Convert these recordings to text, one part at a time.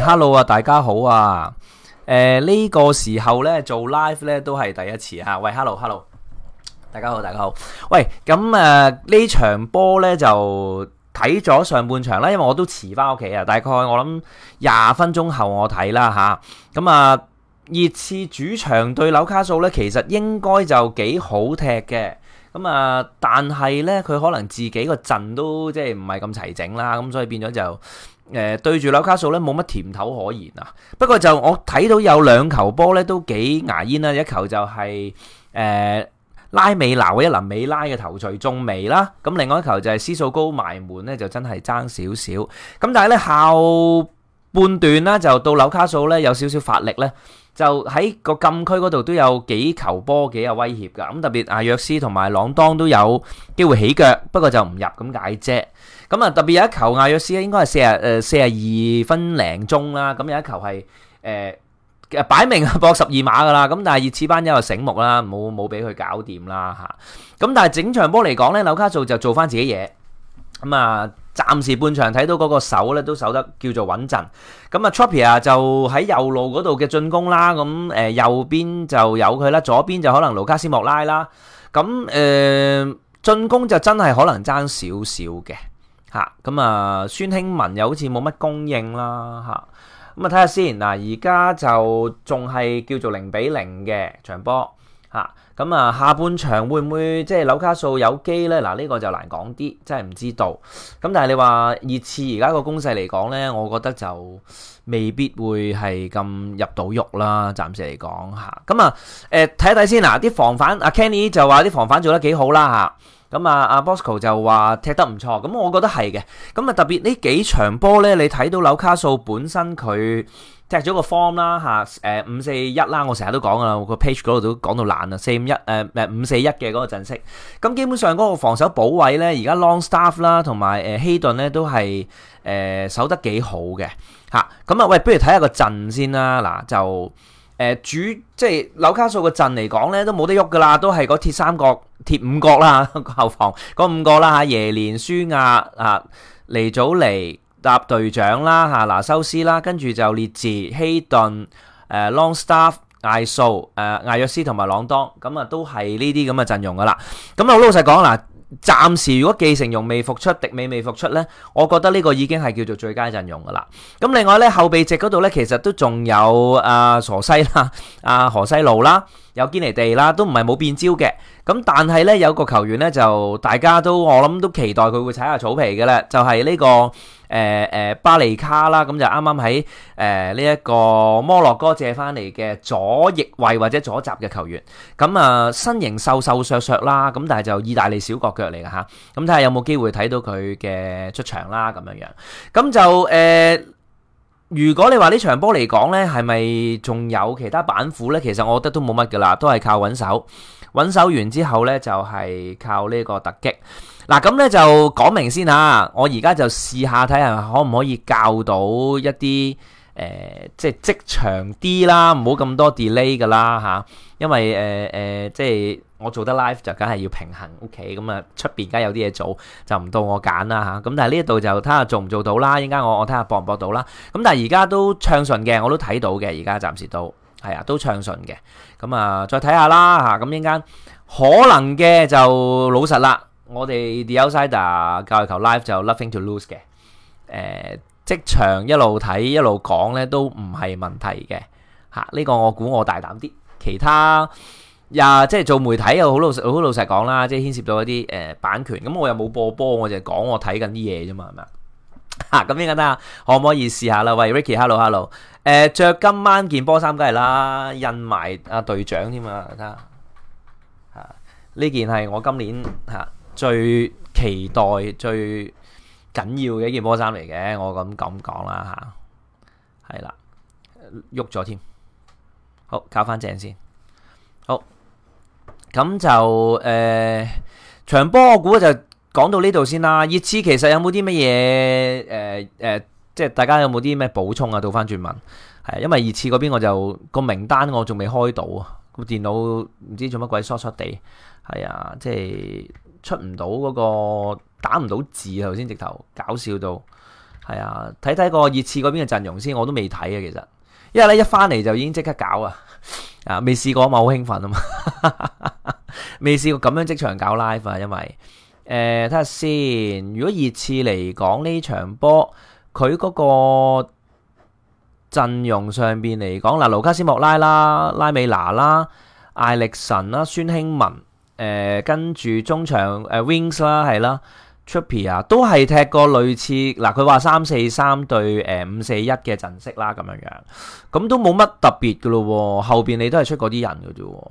Hello 啊，大家好啊！誒、呃，呢、這個時候咧做 live 咧都係第一次吓。喂，Hello，Hello，Hello. 大家好，大家好。喂，咁誒、呃、呢場波咧就睇咗上半場啦，因為我都遲返屋企啊，大概我諗廿分鐘後我睇啦吓。咁啊，熱刺主場對紐卡素咧，其實應該就幾好踢嘅。咁啊，但係咧佢可能自己個陣都即係唔係咁齊整啦，咁、啊、所以變咗就。誒、呃、對住紐卡素咧，冇乜甜頭可言啊！不過就我睇到有兩球波咧，都幾牙煙啦。一球就係、是、誒、呃、拉美拉嘅一林美拉嘅頭槌中楣啦。咁、嗯、另外一球就係施素高埋門咧，就真係爭少少。咁、嗯、但係咧後半段咧，就到紐卡素咧有少少發力咧，就喺個禁區嗰度都有幾球波幾有威脅㗎。咁、嗯、特別阿約斯同埋朗當都有機會起腳，不過就唔入咁解啫。咁啊，特別有一球艾約斯咧，應該係四十誒四十二分零鐘啦。咁有一球係誒擺明搏十二碼噶啦。咁但係熱刺班友又醒目啦，冇冇俾佢搞掂啦嚇。咁但係整場波嚟講咧，紐卡素就做翻自己嘢。咁啊，暫時半場睇到嗰個守咧都守得叫做穩陣。咁啊，Trippier 就喺右路嗰度嘅進攻啦。咁誒右邊就有佢啦，左邊就可能盧卡斯莫拉啦。咁誒進攻就真係可能爭少少嘅。嚇，咁啊，孫興文又好似冇乜供應啦，嚇、啊，咁啊睇下先，嗱，而家就仲係叫做零比零嘅場波，嚇、啊，咁啊下半場會唔會即係紐卡素有機咧？嗱、啊，呢、呢個就難講啲，真係唔知道。咁但係你話熱刺而家個攻勢嚟講咧，我覺得就未必會係咁入到肉啦，暫時嚟講嚇。咁啊，誒睇一睇先，嗱、啊，啲防反阿 Kenny、啊、就話啲防反做得幾好啦，嚇、啊。咁、嗯、啊，阿 Bosco 就話踢得唔錯，咁我覺得係嘅。咁啊，特別呢幾場波咧，你睇到紐卡素本身佢踢咗個 form 啦，吓，誒，五四一啦，我成日都講噶啦，我個 page 嗰度都講到爛啦，四五一，誒，誒，五四一嘅嗰個陣式。咁、嗯、基本上嗰個防守補位咧，而家 Longstaff 啦，同埋誒希頓咧都係誒、呃、守得幾好嘅，吓、啊。咁、嗯、啊，喂，不如睇下個陣先啦，嗱就。誒、呃、主即係紐卡素嘅陣嚟講咧，都冇得喐噶啦，都係個鐵三角、鐵五角啦，呵呵後防嗰五個啦嚇，耶連舒亞啊，尼祖尼搭隊長啦嚇、啊，拿修斯啦，跟住就列治希頓誒、呃、Longstaff 艾素誒、呃、艾約斯同埋朗當，咁、嗯、啊都係呢啲咁嘅陣容噶啦。咁、嗯、啊老實講啦。暫時如果奇誠庸未復出，迪美未復出呢，我覺得呢個已經係叫做最佳陣容噶啦。咁另外呢，後備席嗰度呢，其實都仲有阿、呃、傻西啦，阿、啊、何西路啦，有堅尼地啦，都唔係冇變招嘅。咁但係呢，有個球員呢，就大家都我諗都期待佢會踩下草皮噶啦，就係、是、呢、這個。誒誒、呃，巴利卡啦，咁就啱啱喺誒呢一個摩洛哥借翻嚟嘅左翼衛或者左閘嘅球員，咁啊、呃、身形瘦瘦削削啦，咁但係就意大利小國腳嚟嘅吓，咁睇下有冇機會睇到佢嘅出場啦，咁樣樣，咁就誒、呃，如果你話呢場波嚟講呢，係咪仲有其他板斧呢？其實我覺得都冇乜噶啦，都係靠穩守，穩守完之後呢，就係、是、靠呢個突擊。嗱，咁咧就講明先嚇。我而家就試下睇下可唔可以教到一啲誒、呃，即係即場啲啦，唔好咁多 delay 噶啦嚇。因為誒誒、呃呃，即係我做得 live 就梗係要平衡，OK、嗯。咁啊，出邊梗係有啲嘢做，就唔到我揀啦嚇。咁但係呢一度就睇下做唔做到啦。應間我我睇下博唔博到啦。咁但係而家都暢順嘅，我都睇到嘅。而家暫時都係啊，都暢順嘅。咁、嗯、啊，再睇下啦嚇。咁應間可能嘅就老實啦。我哋 The Outsider 界外球 live 就 Loving to Lose 嘅，誒、呃，即場一路睇一路講咧都唔係問題嘅，吓、啊，呢、這個我估我大膽啲，其他呀、啊，即係做媒體又好，好老實，好老實講啦，即係牽涉到一啲誒、呃、版權，咁我又冇播波，我就講我睇緊啲嘢啫嘛，係咪吓，咁應該得啊，看看可唔可以試下啦？喂，Ricky，Hello，Hello，誒，着、啊、今晚件波衫梗係啦，印埋阿、啊、隊長添啊，得啊，呢件係我今年吓。啊最期待、最緊要嘅一件波衫嚟嘅，我咁咁講啦吓，係、啊、啦，喐咗添。好，搞翻正先。好，咁就誒場、呃、波，我估，就講到呢度先啦。熱刺其實有冇啲乜嘢？誒、呃、誒、呃，即係大家有冇啲咩補充啊？倒翻轉問，係、啊、因為熱刺嗰邊，我就個名單我仲未開到啊！個電腦唔知做乜鬼索索地，係啊，即係。出唔到嗰個打唔到字頭先，直頭搞笑到，係啊！睇睇個熱刺嗰邊嘅陣容先，我都未睇啊，其實，因為咧一返嚟就已經即刻搞啊，啊未試過嘛，好興奮啊嘛，未試過咁樣即場搞 live 啊，因為誒睇下先，如果熱刺嚟講呢場波，佢嗰個陣容上邊嚟講，嗱盧卡斯莫拉啦、拉美娜啦、艾力神啦、孫興文。誒、呃，跟住中場誒、呃，Wings 啦，係啦 Trupy 啊，都係踢過類似，嗱、呃，佢話三四三對誒五四一嘅陣式啦，咁樣樣，咁都冇乜特別噶咯，後邊你都係出嗰啲人噶啫，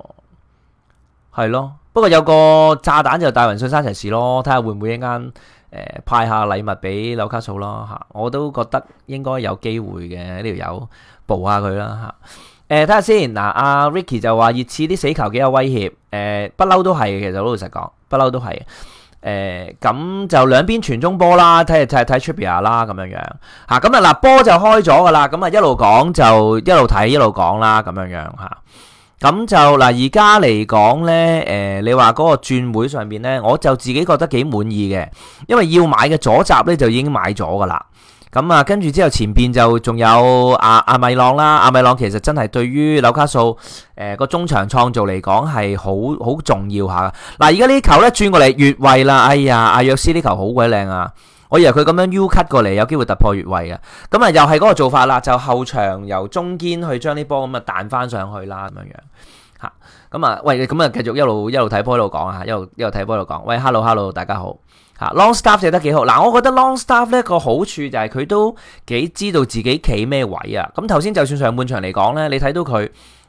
係咯，不過有個炸彈就大雲信山齊士咯，睇下會唔會依家誒、呃、派下禮物俾紐卡素啦吓，我都覺得應該有機會嘅呢條友，補、這個、下佢啦吓。誒，睇下先，嗱、啊，阿 Ricky 就話熱刺啲死球幾有威脅，誒，不嬲都係，其實老老實講，不嬲都係，誒、呃，咁就兩邊傳中波啦，睇睇睇 Trivia 啦，咁樣樣，吓，咁啊嗱，波就開咗噶啦，咁啊一路講就一路睇一路講啦，咁樣樣吓，咁就嗱，而家嚟講咧，誒、呃，你話嗰個轉會上面咧，我就自己覺得幾滿意嘅，因為要買嘅左閘咧就已經買咗噶啦。咁啊，跟住之後前面就仲有阿阿米朗啦，阿米朗其實真係對於紐卡素誒個中場創造嚟講係好好重要下。嗱，而家呢球咧轉過嚟越位啦，哎呀，阿約斯呢球好鬼靚啊！我以為佢咁樣 U cut 過嚟有機會突破越位㗎，咁啊又係嗰個做法啦，就後場由中堅去將呢波咁啊彈翻上去啦咁樣樣嚇。咁啊，喂，咁啊繼續一路一路睇波一路講啊，一路一路睇波一路講。喂，hello hello，大家好。long staff 踢得幾好嗱。我覺得 long staff 咧個好處就係佢都幾知道自己企咩位啊。咁頭先就算上半場嚟講咧，你睇到佢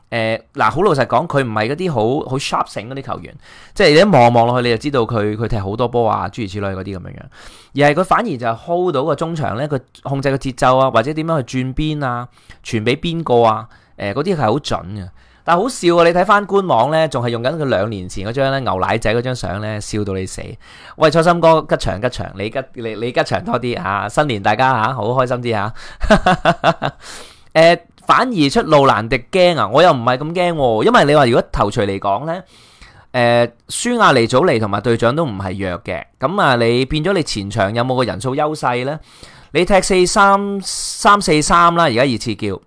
誒嗱，好、呃、老實講，佢唔係嗰啲好好 sharp 醒嗰啲球員，即係你一望望落去，你就知道佢佢踢好多波啊，諸如此類嗰啲咁樣樣，而係佢反而就 hold 到個中場咧，佢控制個節奏啊，或者點樣去轉邊啊，傳俾邊個啊，誒嗰啲係好準嘅。但好笑啊、哦！你睇翻官網呢，仲係用緊佢兩年前嗰張咧牛奶仔嗰張相呢，笑到你死。喂，蔡心哥，吉祥吉祥，你吉你吉祥多啲啊！新年大家嚇、啊、好開心啲嚇。誒、啊啊，反而出路難敵驚啊！我又唔係咁驚喎，因為你話如果頭槌嚟講呢，誒、啊，蘇亞尼祖尼同埋隊長都唔係弱嘅。咁啊，你變咗你前場有冇個人數優勢呢？你踢四三三四三啦，而家熱刺叫。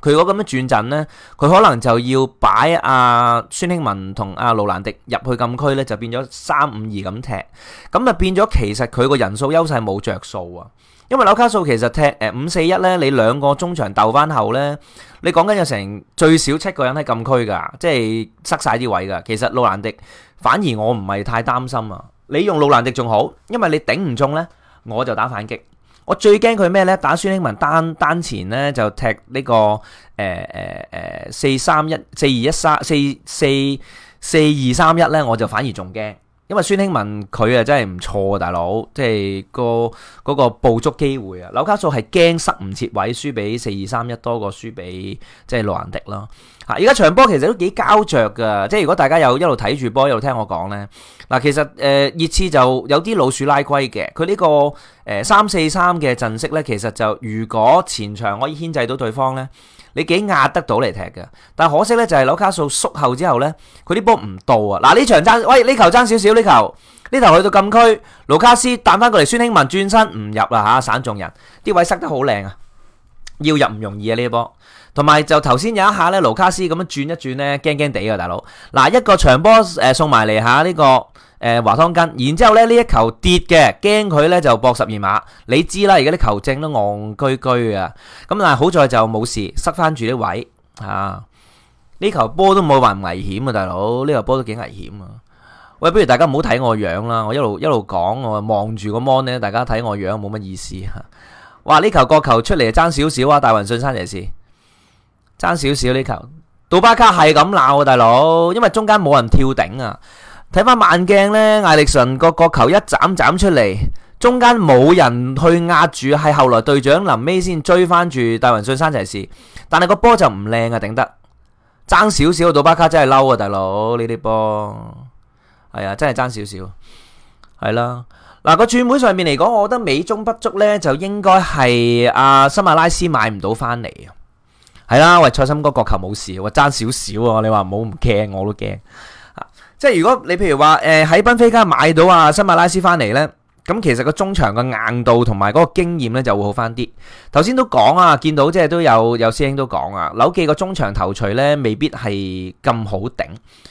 佢如果咁樣轉陣呢，佢可能就要擺阿、啊、孫興文同阿盧蘭迪入去禁區呢，就變咗三五二咁踢，咁啊變咗其實佢個人數優勢冇着數啊，因為紐卡素其實踢誒五四一呢，你兩個中場鬥翻後呢，你講緊有成最少七個人喺禁區㗎，即係塞晒啲位㗎。其實盧蘭迪反而我唔係太擔心啊，你用盧蘭迪仲好，因為你頂唔中呢，我就打反擊。我最驚佢咩咧？打孫興慜單單前咧，就踢呢、這個誒誒誒四三一四二一三四四四二三一咧，我就反而仲驚。因為孫興文佢啊真係唔錯啊，大佬，即係個嗰個捕捉機會啊。紐卡素係驚塞唔切位，輸俾四二三一多過輸俾即係羅蘭迪咯。吓，而家場波其實都幾膠着噶，即係如果大家有一路睇住波，一路聽我講呢，嗱，其實誒熱刺就有啲老鼠拉龜嘅，佢呢個誒三四三嘅陣式呢，其實就如果前場可以牽制到對方呢。你幾壓得到嚟踢嘅？但可惜呢，就係紐卡素縮後之後呢，佢啲波唔到啊！嗱，呢場爭喂，呢球爭少少，呢球呢球，球去到禁區，盧卡斯彈翻過嚟，孫興文轉身唔入啦嚇，散、啊、眾人，啲位塞得好靚啊，要入唔容易啊呢波。同埋就頭先有一下咧，盧卡斯咁樣轉一轉咧，驚驚地啊，大佬嗱一個長波誒送埋嚟下呢個誒華湯根，然之後咧呢一球跌嘅驚佢咧就搏十二碼，你知啦，而家啲球證都戇居居啊。咁但係好在就冇事，塞翻住啲位啊。呢球波都冇話唔危險啊，大佬呢球波都幾危險啊。喂，不如大家唔好睇我樣啦，我一路一路講我望住個芒咧，大家睇我樣冇乜意思吓。哇，呢球個球出嚟爭少少啊，大雲信山騎士。爭少少呢球，杜巴卡係咁鬧啊，大佬，因為中間冇人跳頂啊。睇翻慢鏡咧，艾力神個角球一斬斬出嚟，中間冇人去壓住，係後來隊長臨尾先追翻住戴雲信山齊士，但係個波就唔靚啊，頂得爭少少，杜巴卡真係嬲啊，大佬呢啲波，係啊，真係爭少少，係啦。嗱個轉會上面嚟講，我覺得美中不足咧，就應該係阿辛馬拉斯買唔到翻嚟啊。係啦，喂！蔡心哥國球冇事，喂爭少少啊！你話唔好唔驚，我都驚，啊。即係如果你譬如話誒喺賓菲加買到啊新馬拉斯翻嚟呢，咁其實個中場嘅硬度同埋嗰個經驗咧就會好翻啲。頭先都講啊，見到即係都有有師兄都講啊，紐記個中場頭錘呢未必係咁好頂，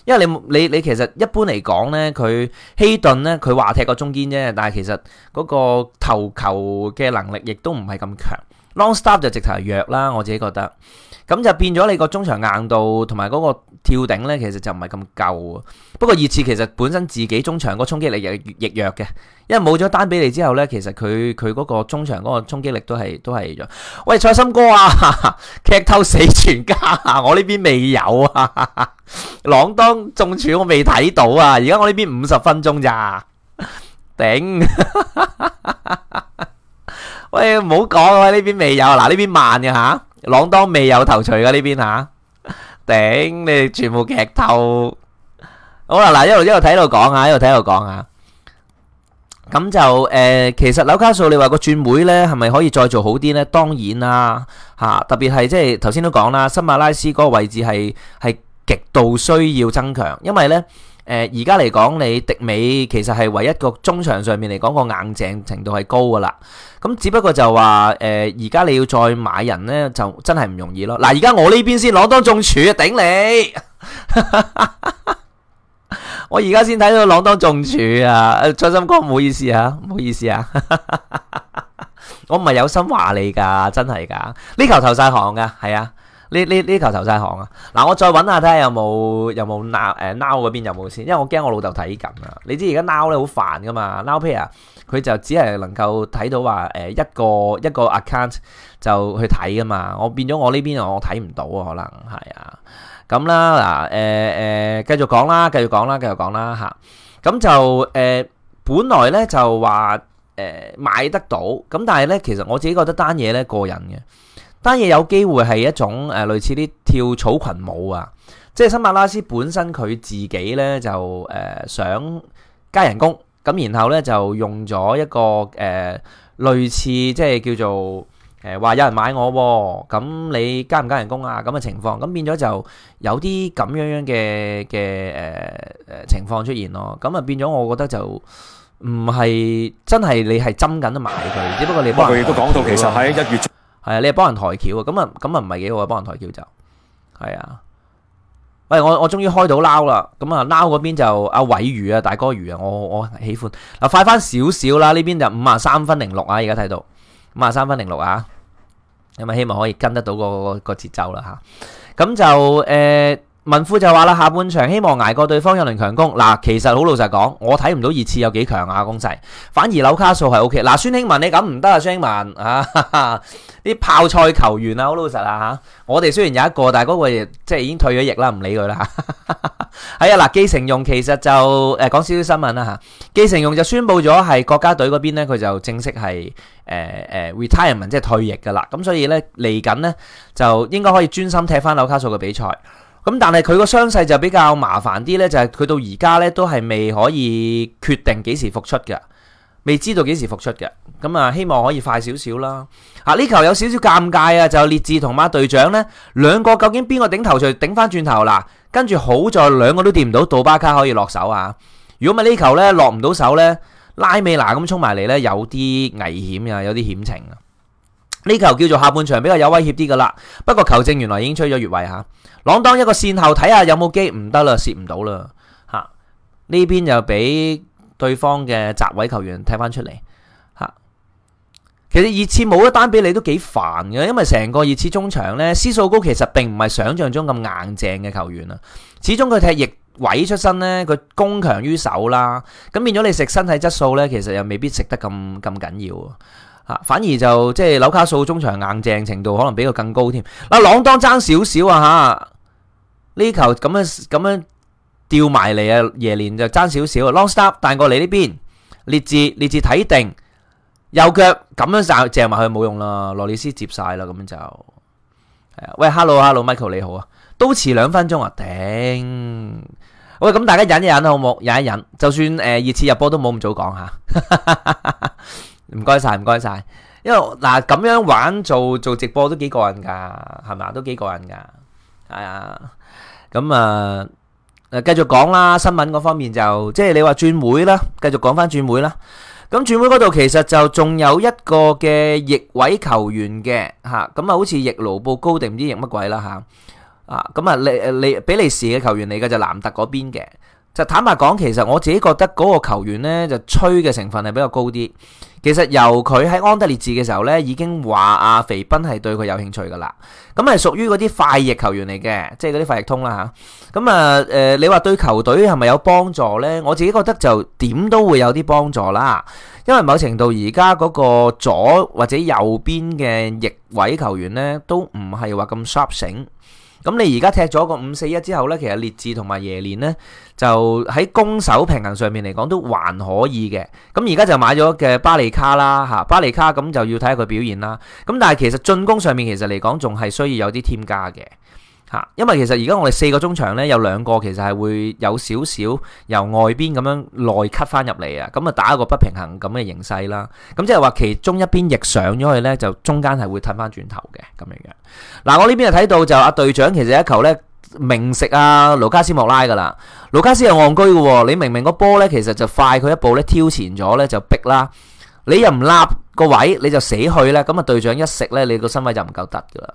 因為你你你其實一般嚟講呢，佢希頓呢，佢話踢過中堅啫，但係其實嗰個投球嘅能力亦都唔係咁強。Longstaff 就直頭係弱啦，我自己覺得。咁就變咗你個中場硬度同埋嗰個跳頂呢，其實就唔係咁夠。不過熱刺其實本身自己中場嗰衝擊力亦亦弱嘅，因為冇咗丹比利之後呢，其實佢佢嗰個中場嗰個衝擊力都係都係弱。喂，蔡心哥啊，劇透死全家啊！我呢邊未有啊，朗當中柱我未睇到啊，而家我呢邊五十分鐘咋？頂！喂，唔好講啊，我呢邊未有，嗱呢邊慢嘅吓。朗當未有頭鎚噶呢邊吓，頂、啊、你全部劇透，好啦嗱，一路一路睇一路講啊，一路睇一路講啊，咁就誒，其實紐卡素，你話個轉會咧，係咪可以再做好啲咧？當然啦吓、啊，特別係即係頭先都講啦，新馬拉斯嗰個位置係係極度需要增強，因為咧。誒而家嚟講，你迪美其實係唯一個中場上面嚟講個硬淨程度係高噶啦。咁只不過就話誒，而、呃、家你要再買人呢，就真係唔容易咯。嗱，而家我呢邊先攞當中柱頂你， 我而家先睇到攞當中柱啊！蔡心哥唔好意思啊，唔好意思啊，唔好意思啊 我唔係有心話你㗎，真係㗎，呢球投晒行㗎，係啊。呢呢呢球投晒行啊！嗱，我再揾下睇下有冇有冇 Now 誒 Now 嗰邊有冇先，呃，因為我驚我老豆睇緊啊！你知而家 Now 咧好煩噶嘛，Now pair 佢就只係能夠睇到話誒一個一個 account 就去睇噶嘛，我變咗我呢邊我睇唔到啊，可能係啊咁啦，嗱誒誒繼續講啦，繼、呃呃、續講啦，繼續講啦嚇！咁、啊、就誒、呃、本來咧就話誒、呃、買得到，咁但係咧其實我自己覺得單嘢咧過癮嘅。單嘢有機會係一種，誒類似啲跳草裙舞啊，即係辛馬拉斯本身佢自己咧就誒想加人工，咁然後咧就用咗一個誒類似即係叫做誒話有人買我，咁你加唔加人工啊？咁嘅情況，咁變咗就有啲咁樣樣嘅嘅誒誒情況出現咯。咁啊變咗，我覺得就唔係真係你係爭緊都買佢，只不過你不過佢亦都講到其實喺一月中，係啊，你又幫人抬轎啊，咁啊，咁啊唔係幾好啊，幫人抬轎就係啊。喂，我我終於開到撈啦，咁啊撈嗰邊就阿偉、啊、魚啊，大哥魚啊，我我喜歡。嗱、啊，快翻少少啦，呢邊就五十三分零六啊，而家睇到五十三分零六啊，咁啊希望可以跟得到個個節奏啦吓。咁、啊、就誒。呃文夫就話啦，下半場希望挨過對方一輪強攻嗱。其實好老實講，我睇唔到熱刺有幾強啊，攻勢反而紐卡素係 OK 嗱。孫興文你咁唔得啊，孫興文啊，啲泡菜球員啊，好老實啊吓。我哋雖然有一個，但係嗰個即係已經退咗役啦，唔理佢啦。係啊，嗱，季承用其實就誒講少少新聞啦吓。季承用就宣布咗係國家隊嗰邊咧，佢就正式係誒誒、呃呃、retirement，即係退役噶啦。咁所以咧嚟緊咧就應該可以專心踢翻紐卡素嘅比賽。咁但係佢個傷勢就比較麻煩啲呢。就係、是、佢到而家呢，都係未可以決定幾時復出嘅，未知道幾時復出嘅。咁啊，希望可以快少少啦。啊，呢球有少少尷尬啊，就列治同馬隊長呢兩個究竟邊個頂頭錘頂翻轉頭嗱？跟住好在兩個都掂唔到，杜巴卡可以落手啊。如果咪呢球呢落唔到手呢，拉美娜咁衝埋嚟呢，有啲危險啊，有啲險情啊。呢球叫做下半場比較有威脅啲噶啦，不過球證，原來已經吹咗越位吓，朗、啊、當一個線後睇下有冇機，唔得啦，蝕唔到啦吓，呢邊又俾對方嘅閘位球員踢翻出嚟吓、啊。其實熱刺冇一單俾你都幾煩嘅，因為成個熱刺中場呢，斯素高其實並唔係想象中咁硬淨嘅球員啊。始終佢踢翼位出身呢，佢攻強於守啦，咁、啊、變咗你食身體質素呢，其實又未必食得咁咁緊要。反而就即係紐卡素中場硬淨程度可能比佢更高添。嗱、啊，朗當爭少少啊嚇，呢球咁樣咁樣吊埋嚟啊，耶連就爭少少。Long stop，彈過嚟呢邊，列治列治睇定右腳咁樣射射埋去，冇用啦，羅里斯接晒啦，咁就係啊。喂，hello hello，Michael 你好啊，都遲兩分鐘啊，頂。喂，咁大家忍一忍好冇？忍一忍，就算誒、呃、熱刺入波都冇咁早講嚇。啊 唔該晒，唔該晒，因為嗱咁樣玩做做直播都幾過癮噶，係咪，都幾過癮噶，係、哎、啊，咁、嗯、啊，誒、嗯、繼續講啦，新聞嗰方面就即係你話轉會啦，繼續講翻轉會啦，咁轉會嗰度其實就仲有一個嘅逆位球員嘅吓，咁啊、嗯、好似逆盧布高定唔知逆乜鬼啦吓，啊咁啊利誒利比利時嘅球員嚟嘅就南特嗰邊嘅。就坦白講，其實我自己覺得嗰個球員呢就吹嘅成分係比較高啲。其實由佢喺安德烈治嘅時候呢已經話阿肥賓係對佢有興趣噶啦。咁係屬於嗰啲快翼球員嚟嘅，即係嗰啲快翼通啦嚇。咁啊誒、呃，你話對球隊係咪有幫助呢？我自己覺得就點都會有啲幫助啦。因為某程度而家嗰個左或者右邊嘅翼位球員呢都唔係話咁 sharp 型。咁你而家踢咗個五四一之後呢，其實列治同埋耶連呢，就喺攻守平衡上面嚟講都還可以嘅。咁而家就買咗嘅巴利卡啦嚇，巴利卡咁就要睇下佢表現啦。咁但係其實進攻上面其實嚟講仲係需要有啲添加嘅。嚇，因為其實而家我哋四個中場咧，有兩個其實係會有少少由外邊咁樣內切翻入嚟啊，咁啊打一個不平衡咁嘅形勢啦。咁即係話其中一邊翼上咗去咧，就中間係會褪翻轉頭嘅咁樣嘅。嗱，我呢邊就睇到就阿隊長其實一球咧明食阿盧卡斯莫拉噶啦，盧卡斯又戇居嘅喎，你明明個波咧其實就快佢一步咧，挑前咗咧就逼啦，你又唔立個位你就死去咧，咁啊隊長一食咧你個身位就唔夠得噶啦。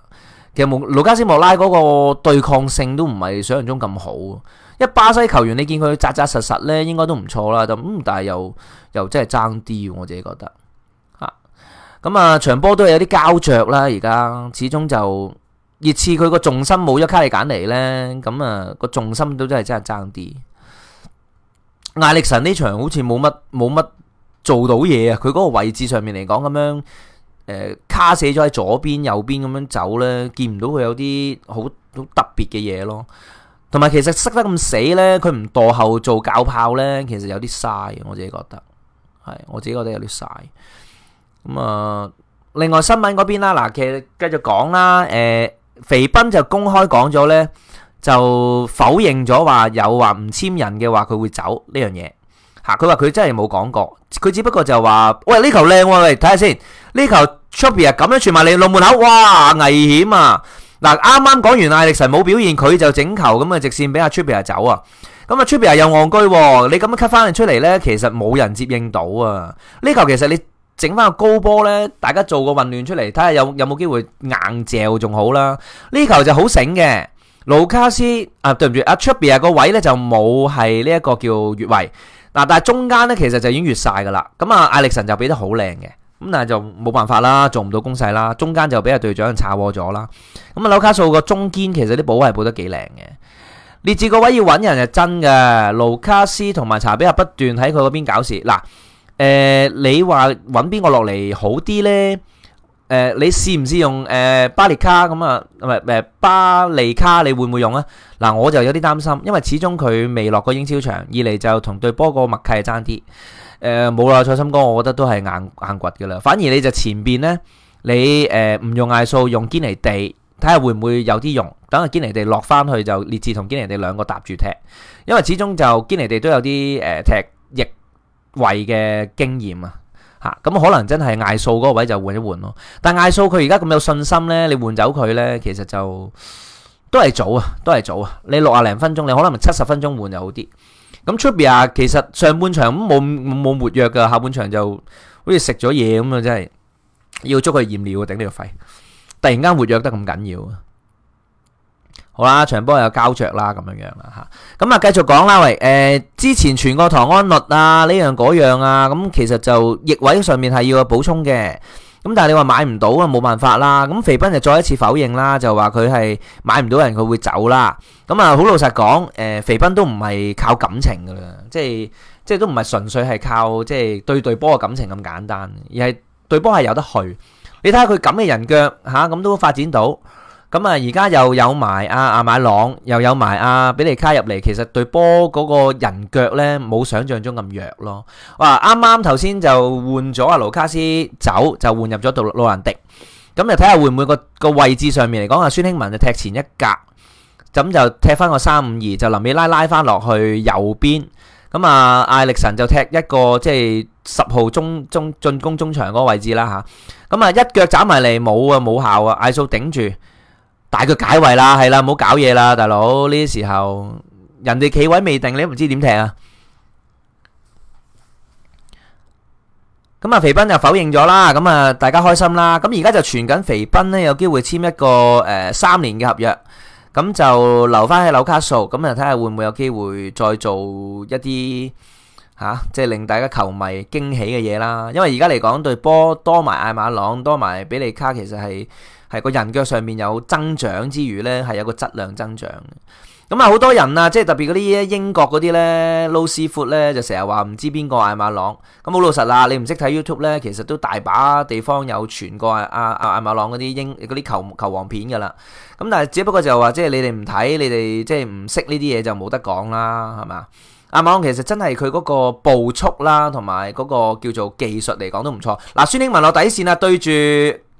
其實盧加斯莫拉嗰個對抗性都唔係想象中咁好，一巴西球員你見佢紮紮實實咧，應該都唔錯啦。咁、嗯、但係又又真係爭啲，我自己覺得。吓咁啊，場波都係有啲膠着啦。而家始終就熱刺佢，個重心冇一卡里簡尼咧，咁啊個重心都真係真係爭啲。艾力神呢場好似冇乜冇乜做到嘢啊，佢嗰個位置上面嚟講咁樣。誒、呃，卡死咗喺左邊、右邊咁樣走咧，見唔到佢有啲好好特別嘅嘢咯。同埋其實塞得咁死咧，佢唔墮後做搞炮咧，其實有啲嘥。我自己覺得係，我自己覺得有啲嘥。咁、嗯、啊，另外新聞嗰邊啦，嗱、啊，其實繼續講啦。誒、呃，肥賓就公開講咗咧，就否認咗話有話唔簽人嘅話佢會走呢樣嘢。吓、啊，佢話佢真係冇講過，佢只不過就話喂呢球靚喎，喂，睇下、啊、先呢球。Trippier 啊，咁樣傳埋嚟路門口，哇！危險啊！嗱，啱啱講完艾力神冇表現，佢就整球咁啊，直線俾阿 Trippier 啊走啊！咁啊，Trippier 啊又戇居喎！你咁樣 cut 翻佢出嚟咧，其實冇人接應到啊！呢球其實你整翻個高波咧，大家做個混亂出嚟，睇下有有冇機會硬掉仲好啦！呢球就好醒嘅，盧卡斯啊，對唔住啊，Trippier 啊個位咧就冇係呢一個叫越位嗱，但係中間咧其實就已經越曬噶啦，咁啊艾力神就俾得好靚嘅。咁但係就冇辦法啦，做唔到攻勢啦，中間就俾阿隊長查鍋咗啦。咁啊，紐卡素個中堅其實啲保衛保得幾靚嘅。列治個位要揾人係真嘅，盧卡斯同埋查比亞不斷喺佢嗰邊搞事。嗱，誒、呃、你話揾邊個落嚟好啲呢？誒、呃、你試唔試用誒巴列卡咁啊？巴利卡，呃、利卡你會唔會用啊？嗱，我就有啲擔心，因為始終佢未落過英超場，二嚟就同隊波個默契爭啲。誒冇啦蔡心哥，我覺得都係硬硬掘嘅啦。反而你就前邊咧，你誒唔用艾素，用堅尼地睇下會唔會有啲用。等下堅尼地落翻去就列治同堅尼地兩個搭住踢，因為始終就堅尼地都有啲誒踢翼位嘅經驗啊嚇。咁可能真係艾素嗰個位就換一換咯。但係艾素佢而家咁有信心咧，你換走佢咧，其實就都係早啊，都係早啊。你六啊零分鐘，你可能咪七十分鐘換就好啲。咁出邊啊，ia，其實上半場咁冇冇活躍噶，下半場就好似食咗嘢咁啊！真係要捉佢驗尿頂呢個肺，突然間活躍得咁緊要啊！好啦，場波又交着啦，咁樣樣啦吓，咁啊繼續講啦，喂，誒、呃，之前傳過唐安律啊呢樣嗰樣啊，咁其實就逆位上面係要有補充嘅。咁但係你話買唔到啊，冇辦法啦。咁肥斌就再一次否認啦，就話佢係買唔到人，佢會走啦。咁啊，好老實講，誒，肥斌都唔係靠感情噶啦，即係即係都唔係純粹係靠即係對對波嘅感情咁簡單，而係對波係有得去。你睇下佢咁嘅人腳吓，咁都發展到。咁啊，而家又有埋阿阿馬朗，又有埋阿比利卡入嚟，其實對波嗰個人腳咧冇想像中咁弱咯。哇！啱啱頭先就換咗阿盧卡斯走，就換入咗杜魯蘭迪。咁就睇下會唔會個個位置上面嚟講，阿孫興文就踢前一格，咁就踢翻個三五二，就林美拉拉翻落去右邊。咁啊，艾力神就踢一個即係十號中中進攻中場嗰個位置啦嚇。咁啊，一腳斬埋嚟，冇啊冇效啊，艾數頂住。但係佢解圍啦，係啦，唔好搞嘢啦，大佬呢啲時候，人哋企位未定，你都唔知點踢啊！咁啊，肥斌就否認咗啦，咁啊，大家開心啦。咁而家就傳緊肥斌呢有機會簽一個誒三年嘅合約，咁就留翻喺紐卡素，咁啊睇下會唔會有機會再做一啲吓，即係令大家球迷驚喜嘅嘢啦。因為而家嚟講對波多埋艾馬朗，多埋比利卡，其實係。係個人腳上面有增長之餘呢係有個質量增長。咁、嗯、啊，好多人啊，即係特別嗰啲英國嗰啲呢，老師傅呢，就成日話唔知邊個艾馬朗。咁、嗯、好老實啦，你唔識睇 YouTube 呢，其實都大把地方有傳過阿阿阿艾馬朗嗰啲英啲球球王片噶啦。咁、嗯、但係只不過就話，即係你哋唔睇，你哋即係唔識呢啲嘢就冇得講啦，係嘛？艾馬朗其實真係佢嗰個步速啦，同埋嗰個叫做技術嚟講都唔錯。嗱、嗯，孫興民落底線啦、啊，對住。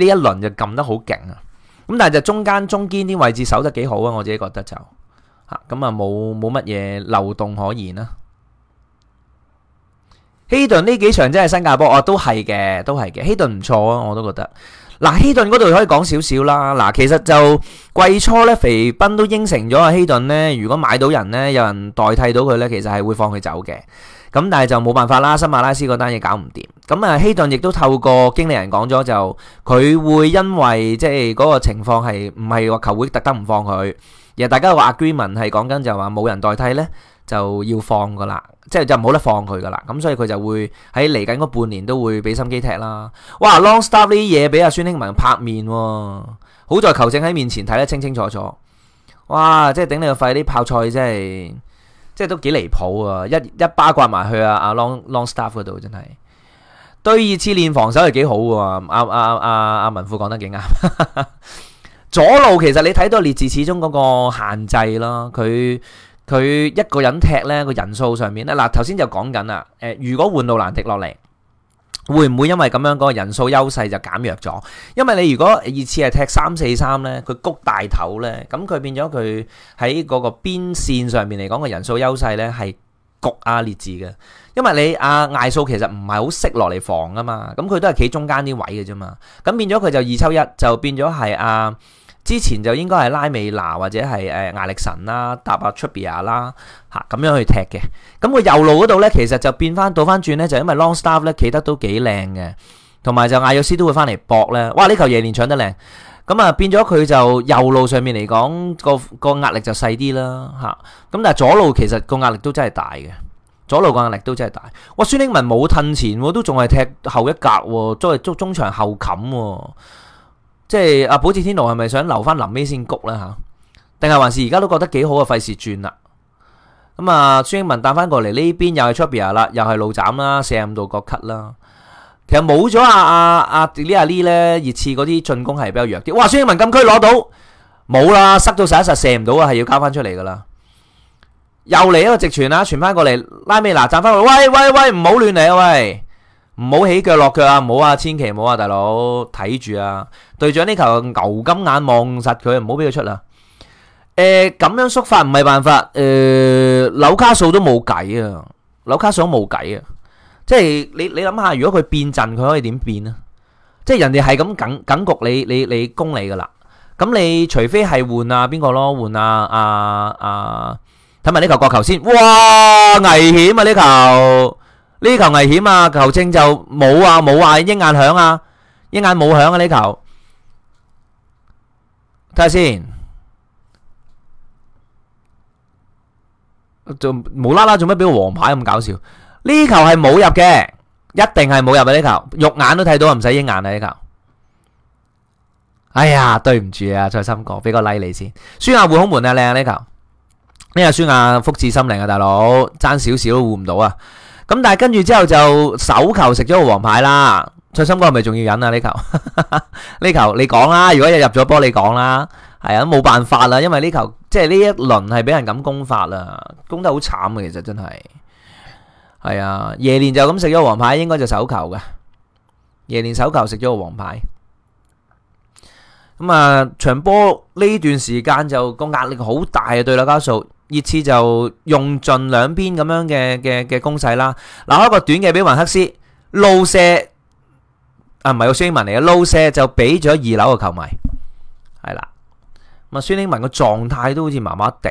呢一輪就撳得好勁啊！咁但係就中間中間啲位置守得幾好啊！我自己覺得就嚇咁啊，冇冇乜嘢漏洞可言啦。希頓呢幾場真係新加坡，哦都係嘅，都係嘅。希頓唔錯啊，我都覺得。嗱，希頓嗰度可以講少少啦。嗱，其實就季初咧，肥斌都應承咗啊，希頓咧，如果買到人咧，有人代替到佢咧，其實係會放佢走嘅。咁但係就冇辦法啦，新馬拉斯嗰單嘢搞唔掂。咁啊，希頓亦都透過經理人講咗，就佢會因為即係嗰個情況係唔係話球會特登唔放佢，而大家話 agreement 係講緊就話冇人代替咧，就要放噶啦，即係就冇得放佢噶啦。咁所以佢就會喺嚟緊嗰半年都會俾心機踢啦。哇，Longstaff 呢啲嘢俾阿孫興文拍面喎，好在球證喺面前睇得清清楚楚。哇，即係頂你個肺啲泡菜真，真係即係都幾離譜啊！一一巴掛埋去啊阿 Long Longstaff 嗰度，真係～對二次練防守係幾好喎、啊？阿阿阿文富講得幾啱。左路其實你睇到列治始終嗰個限制咯。佢佢一個人踢呢個人數上面咧，嗱頭先就講緊啦。誒、呃，如果換路蘭迪落嚟，會唔會因為咁樣、那個人數優勢就減弱咗？因為你如果二次係踢三四三呢，佢谷大頭呢，咁佢變咗佢喺嗰個邊線上面嚟講個人數優勢呢係，局啊，列治嘅，因為你阿、啊、艾素其實唔係好識落嚟防啊嘛，咁佢都係企中間啲位嘅啫嘛，咁變咗佢就二抽一，就變咗係阿之前就應該係拉美拿或者係誒、啊、艾力神啦，搭阿 Trubia 啦嚇、咁、啊、樣去踢嘅，咁佢右路嗰度咧其實就變翻倒翻轉咧，就因為 Longstaff 咧企得都幾靚嘅，同埋就艾約斯都會翻嚟搏咧，哇！呢球夜練搶得靚。咁啊，變咗佢就右路上面嚟講，個個壓力就細啲啦，嚇。咁但係左路其實個壓力都真係大嘅，左路個壓力都真係大。哇，孫興慜冇褪前，都仲係踢後一格，都係中中場後冚、啊。即係阿保志天奴係咪想留翻臨尾先谷咧嚇？定係還是而家都覺得幾好嘅費事轉啦。咁啊，孫興慜帶翻過嚟呢邊又係出邊啦，又係路斬啦，射唔到角咳啦。其實冇咗阿阿阿李阿 Lee 咧，熱刺嗰啲進攻係比較弱啲，哇！孫興慜禁區攞到冇啦，塞到實一實射唔到啊，係要交翻出嚟噶啦。又嚟一個直傳啦，傳翻過嚟，拉美娜站翻落，喂喂喂，唔好亂嚟啊喂，唔好起腳落腳啊，唔好啊，千祈唔好啊，大佬睇住啊，隊長呢球牛金眼望實佢，唔好俾佢出啦。誒，咁樣縮法唔係辦法，誒，紐卡素都冇計啊，紐卡素都冇計啊。即係你你諗下，如果佢變陣，佢可以點變啊？即係人哋係咁梗梗局你你你攻你噶啦，咁你除非係換啊邊個咯？換啊啊啊！睇埋呢球個球先，哇危險啊呢球呢球危險啊！球證就冇啊冇啊鷹眼響啊鷹眼冇響啊呢球睇下先，做無啦啦做乜俾個黃牌咁搞笑？呢球係冇入嘅，一定係冇入嘅呢球，肉眼都睇到啊，唔使鷹眼啊呢球。哎呀，對唔住啊，蔡心哥，俾個 like 你先。孫亞護空門啊，靚啊呢球。呢個孫亞福至心靈啊，大佬，爭少少都護唔到啊。咁但係跟住之後就手球食咗個黃牌啦。蔡心哥係咪仲要忍啊呢球？呢球你講啦，如果入咗波你講啦。係啊，冇辦法啦，因為呢球即係呢一輪係俾人咁攻法啦，攻得好慘嘅其實真係。係啊，耶連就咁食咗黃牌，應該就手球嘅。耶連手球食咗個黃牌。咁啊，場波呢段時間就個壓力好大啊，對紐卡素熱刺就用盡兩邊咁樣嘅嘅嘅攻勢啦。嗱、啊，一個短嘅俾雲克斯，撈射，啊唔係個孫英文嚟嘅撈射，就俾咗二樓嘅球迷。係啦、啊，咁啊孫興文個狀態都好似麻麻地，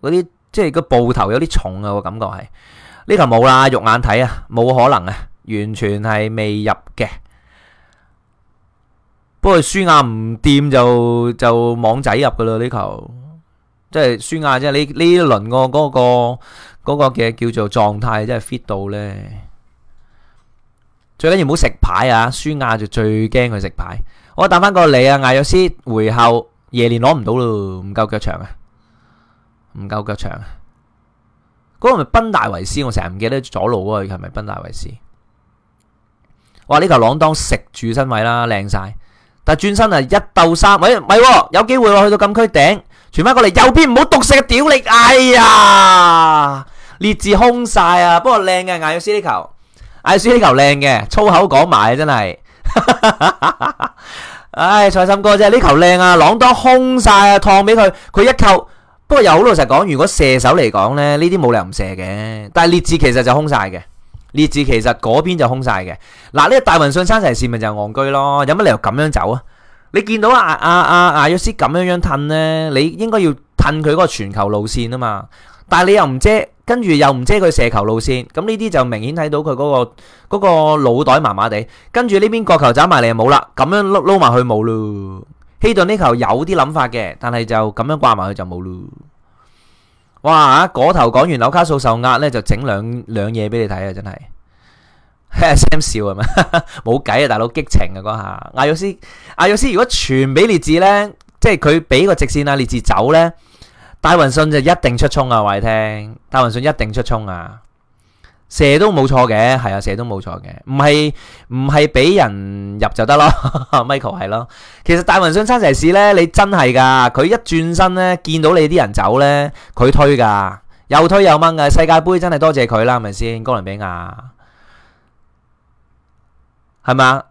嗰啲即係個步頭有啲重啊，我感覺係。呢球冇啦，肉眼睇啊，冇可能啊，完全係未入嘅。不過舒亞唔掂就就網仔入噶啦呢球，即係舒亞啫。呢呢一輪個嗰、嗰個、嗰個嘅叫做狀態，即係 fit 到呢。最緊要唔好食牌啊，舒亞就最驚佢食牌。我打翻個你啊，艾約斯回後夜連攞唔到咯，唔夠腳長啊，唔夠腳長啊。嗰個咪賓大維斯，我成日唔記得咗路嗰個係咪賓大維斯？哇！呢球朗當食住身位啦，靚曬，但轉身啊一鬥三，喂，唔係，有機會喎，去到禁區頂傳翻過嚟右邊，唔好獨食屌你，哎呀，列治空曬啊！不過靚嘅，艾舒呢球，艾舒呢球靚嘅，粗口講埋啊，真係，唉，菜心哥啫，呢球靚啊，朗當空曬啊，燙俾佢，佢一扣。不過又好老實講，如果射手嚟講咧，呢啲冇理由唔射嘅。但係列治其實就空晒嘅，列治其實嗰邊就空晒嘅。嗱，呢個大雲信三成線咪就係戇居咯，有乜理由咁樣走啊？你見到阿阿阿阿約斯咁樣樣褪咧，你應該要褪佢嗰個傳球路線啊嘛。但係你又唔遮，跟住又唔遮佢射球路線，咁呢啲就明顯睇到佢嗰個嗰個腦袋麻麻地。跟住呢邊國球走埋嚟冇啦，咁樣撈撈埋去冇咯。希頓呢球有啲諗法嘅，但係就咁樣掛埋佢就冇咯。哇，嗰頭講完紐卡素受壓呢，就整兩兩嘢俾你睇啊！真係，嘿 Sam 笑係嘛，冇計啊，大佬激情啊嗰下。阿若斯，阿若斯如果傳俾列治呢，即係佢俾個直線啊，列治走呢，戴雲信就一定出衝啊！話你聽，戴雲信一定出衝啊！射都冇錯嘅，係啊，射都冇錯嘅，唔係唔係俾人入就得咯，Michael 係咯。其實大雲信差射士咧，你真係噶，佢一轉身咧，見到你啲人走咧，佢推噶，又推又掹噶。世界盃真係多謝佢啦，係咪先？哥倫比亞係咪？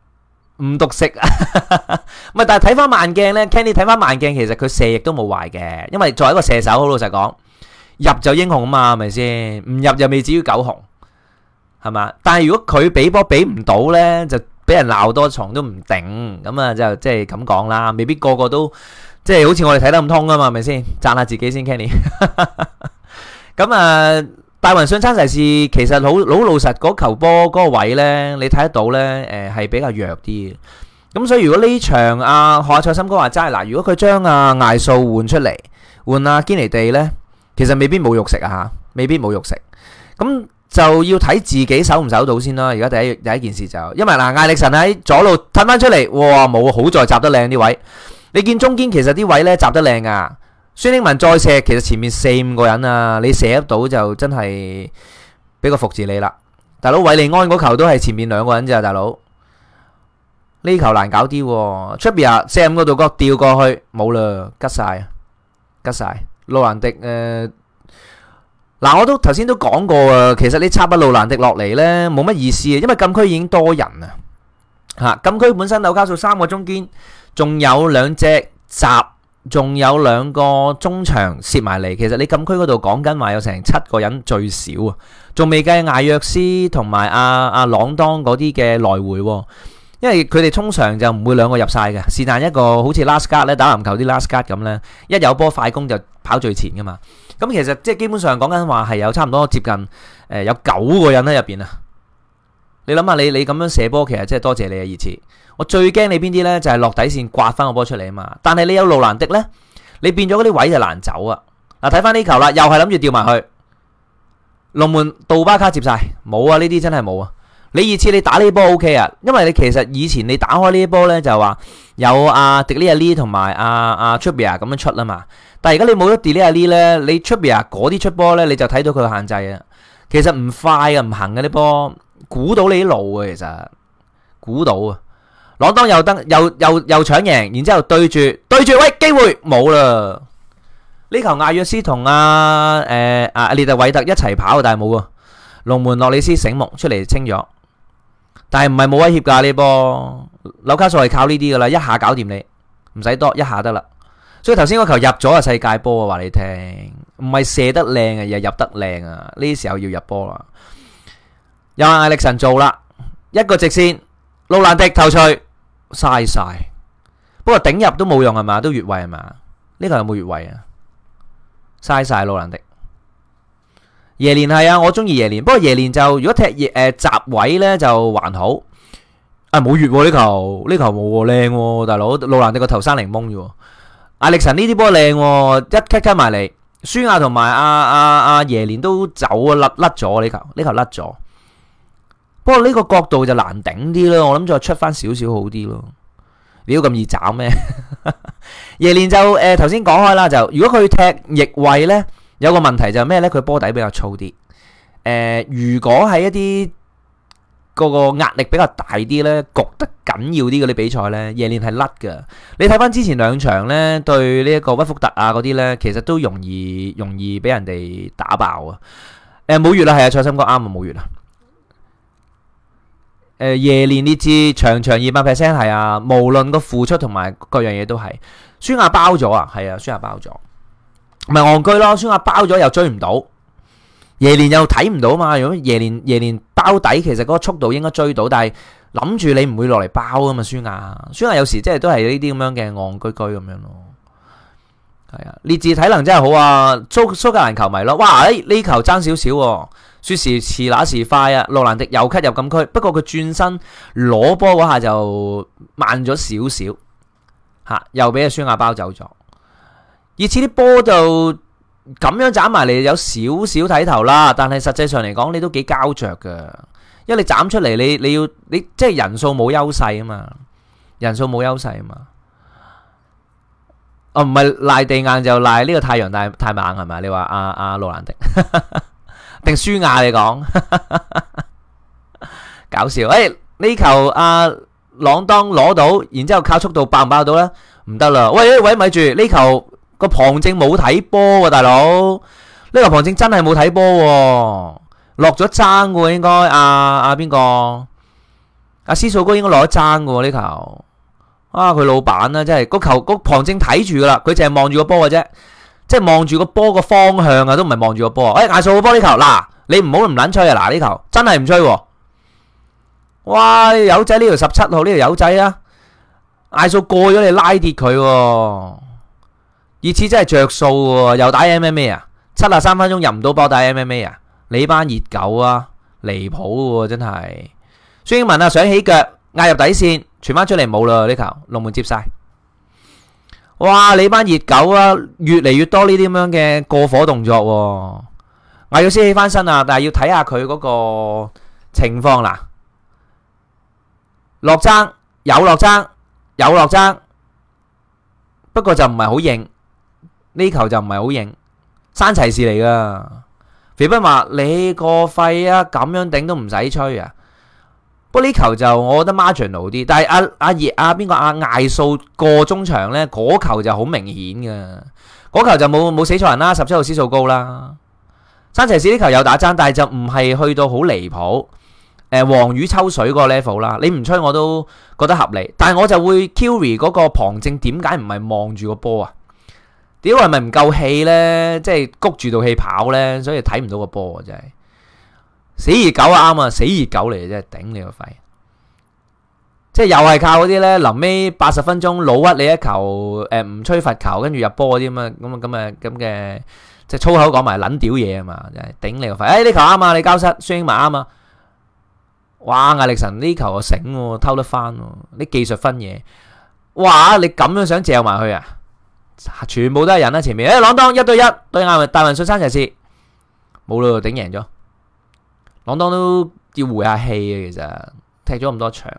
唔獨食啊，唔係但係睇翻慢鏡咧，Kenny 睇翻慢鏡，其實佢射亦都冇壞嘅，因為作為一個射手，好老實講，入就英雄啊嘛，係咪先？唔入又未至於狗熊。係嘛？但係如果佢俾波俾唔到咧，就俾人鬧多床都唔定。咁啊，就即係咁講啦。未必個個都即係好似我哋睇得咁通啊嘛，係咪先？讚下自己先，Kenny。咁啊，大雲信差事是其實好好老實。嗰球波嗰個位咧，你睇得到咧？誒，係比較弱啲。咁所以如果呢場啊，何賽森哥話齋嗱，如果佢將阿艾素換出嚟，換阿堅尼地咧，其實未必冇肉食啊嚇，未必冇肉食。咁。就要睇自己守唔守到先啦。而家第一第一件事就，因為嗱，艾力神喺左路褪翻出嚟，冇好在，閘得靚啲位。你見中間其實啲位呢閘得靚噶，啊。孫英文再射，其實前面四五個人啊，你射得到就真係俾個服字你啦。大佬，韋利安嗰球都係前面兩個人咋，大佬呢球難搞啲，啊。出邊啊，四十五個度角掉過去，冇啦，吉晒，啊，吉曬。洛蘭迪誒。呃嗱，我都頭先都講過啊，其實你插不路難迪落嚟呢，冇乜意思啊，因為禁區已經多人啊，嚇！禁區本身紐卡素三個中堅，仲有兩隻閘，仲有兩個中場攝埋嚟。其實你禁區嗰度講緊話有成七個人最少啊，仲未計艾約斯同埋阿阿朗當嗰啲嘅來回，因為佢哋通常就唔會兩個入晒嘅。是但一個好似 last guard 咧，打籃球啲 last guard 咁咧，一有波快攻就跑最前噶嘛。咁其實即係基本上講緊話係有差唔多接近誒、呃、有九個人喺入邊啊！你諗下，你你咁樣射波，其實真係多謝你啊。熱刺。我最驚你邊啲呢，就係、是、落底線刮翻個波出嚟啊嘛！但係你有路難的呢，你變咗嗰啲位就難走啊！嗱，睇翻呢球啦，又係諗住掉埋去龍門，杜巴卡接晒，冇啊！呢啲真係冇啊！你二次你打呢波 O K 啊，因為你其實以前你打開呢波咧就話有阿迪利阿利同埋阿阿出比亞咁、啊啊、樣出啦嘛，但係而家你冇咗迪利阿利咧，你出比亞嗰啲出波咧你就睇到佢嘅限制啊，其實唔快啊，唔行嘅呢波，估、這個、到你啲路啊其實，估到啊，朗當又登又又又搶贏，然之後對住對住喂機會冇啦，呢球艾約斯同阿誒阿列特韋特一齊跑，但係冇啊，龍門洛里斯醒目出嚟清咗。但係唔係冇威脅噶，呢波紐卡素係靠呢啲噶啦，一下搞掂你，唔使多，一下得啦。所以頭先個球入咗啊，世界波啊，話你聽，唔係射得靚啊，而係入得靚啊。呢時候要入波啦，嗯、又係艾力神做啦，一個直線，路蘭迪頭錘，嘥晒。不過頂入都冇用係嘛，都越位係嘛？呢球有冇越位啊？嘥晒路蘭迪。耶連係啊，我中意耶連，不過耶連就如果踢誒閘位咧，就還好。啊冇越呢球，呢球冇靚，大佬路南你個頭生檸檬嘅。阿力臣呢啲波靚，一 kick kick 埋嚟。孫亞同埋阿阿阿耶連都走啊甩，甩咗呢球，呢球甩咗。不過呢個角度就難頂啲咯，我諗再出翻少少好啲咯。你都咁易斬咩？耶連就誒頭先講開啦，就如果佢踢翼位咧。有個問題就係咩呢？佢波底比較粗啲。誒、呃，如果喺一啲嗰個壓力比較大啲呢，焗得緊要啲嗰啲比賽呢，夜練係甩噶。你睇翻之前兩場呢，對呢一個屈福特啊嗰啲呢，其實都容易容易俾人哋打爆啊。誒、呃，冇月啦，係啊，蔡生哥啱啊，冇月啊。誒、呃，夜練呢支場場二百 percent 係啊，無論個付出同埋各樣嘢都係。蘇亞包咗啊，係啊，蘇亞包咗。咪戇居咯，舒亞 包咗又追唔到，夜連又睇唔到嘛。如果夜連夜連包底，其實嗰個速度應該追到，但係諗住你唔會落嚟包咁嘛。舒亞，舒亞有時即係都係呢啲咁樣嘅戇居居咁樣咯。係啊，列治體能真係好啊，蘇蘇格蘭球迷咯。哇！呢呢球爭少少，說時遲那時快啊！羅蘭迪又咳入咗禁區，不過佢轉身攞波嗰下就慢咗少少，嚇又俾阿舒亞包走咗。以次啲波就咁樣斬埋嚟，有少少睇頭啦。但係實際上嚟講，你都幾膠着噶，因為你斬出嚟，你你要你，你即係人數冇優勢啊嘛，人數冇優勢啊嘛。哦、啊，唔係賴地硬就賴呢個太陽太太猛係咪？你話阿阿羅蘭迪定舒雅嚟講，你 搞笑。誒、欸，呢球啊，朗當攞到，然之後靠速度爆唔爆到咧？唔得啦，喂喂，咪住呢球！個旁證冇睇波噶大佬，呢個旁證真係冇睇波，落咗踭噶應該，啊，阿、啊、邊個阿思、啊、素哥應該落咗踭噶呢球，啊佢老闆啊，真係，個球個旁證睇住噶啦，佢淨係望住個波嘅啫，即係望住個波個方向啊，都唔係望住個波，哎艾數波呢球，嗱你唔好唔捻吹啊，嗱呢球真係唔吹，哇友仔呢條十七號呢條友仔素啊，艾數過咗你拉跌佢。意熱刺真係着數喎，又打 MMA 啊，七十三分鐘入唔到波打 MMA 啊，你班熱狗啊，離譜嘅真係。孫英文啊，想起腳，壓入底線，傳翻出嚟冇啦呢球，龍門接晒。哇，你班熱狗啊，越嚟越多呢啲咁樣嘅過火動作啊。我要先起翻身啊，但係要睇下佢嗰個情況啦。落踭，有落踭，有落踭，不過就唔係好認。呢球就唔係好型，山齊士嚟噶。肥斌話，你個肺啊！咁樣頂都唔使吹啊！不過呢球就我覺得 marginal 啲，但係阿阿葉阿邊個阿、啊、艾數過中場呢，嗰球就好明顯噶，嗰球就冇冇死錯人啦，十七號思數高啦。山齊士呢球有打爭，但係就唔係去到好離譜，誒、呃、黃雨抽水嗰個 level 啦。你唔吹我都覺得合理，但係我就會 Kerry 嗰個旁證點解唔係望住個波啊？屌，係咪唔夠氣咧？即係谷住到氣跑咧，所以睇唔到個波啊！真係死二狗啊，啱啊，死二狗嚟啊！真係頂你個肺，即係又係靠嗰啲咧，臨尾八十分鐘老屈你一球，誒唔吹罰球，跟住入波嗰啲，咁啊咁啊咁啊咁嘅，即係粗口講埋撚屌嘢啊嘛！真係頂你個肺！誒，呢球啱啊，你交失雙馬啱啊，哇！亞歷神呢球啊醒，偷得翻咯，啲技術分嘢，哇！你咁樣想射埋去啊？全部都係人啦、啊，前面誒，朗、欸、當一對一對亞文大文信山提士冇啦頂贏咗，朗當都要回下氣啊，其實踢咗咁多場，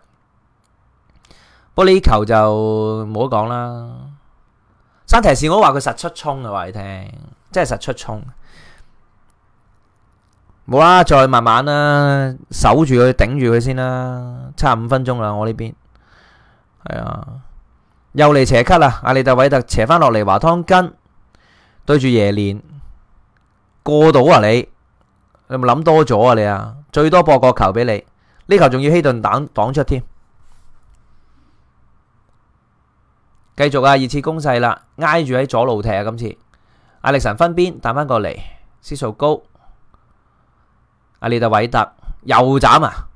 玻璃球就冇得講啦。山提士我話佢實出衝啊，話你聽，真係實出衝。冇啦，再慢慢啦、啊，守住佢，頂住佢先啦、啊。差五分鐘啦，我呢邊係啊。又嚟斜咳啦！阿利特韋特斜翻落嚟，華湯根對住耶連過到啊！你你咪諗多咗啊！你啊，最多博個球俾你，呢球仲要希頓擋擋出添。繼續啊，二次攻勢啦，挨住喺左路踢啊！今次阿力神分邊彈翻過嚟，射數高，阿利特韋特又斬啊！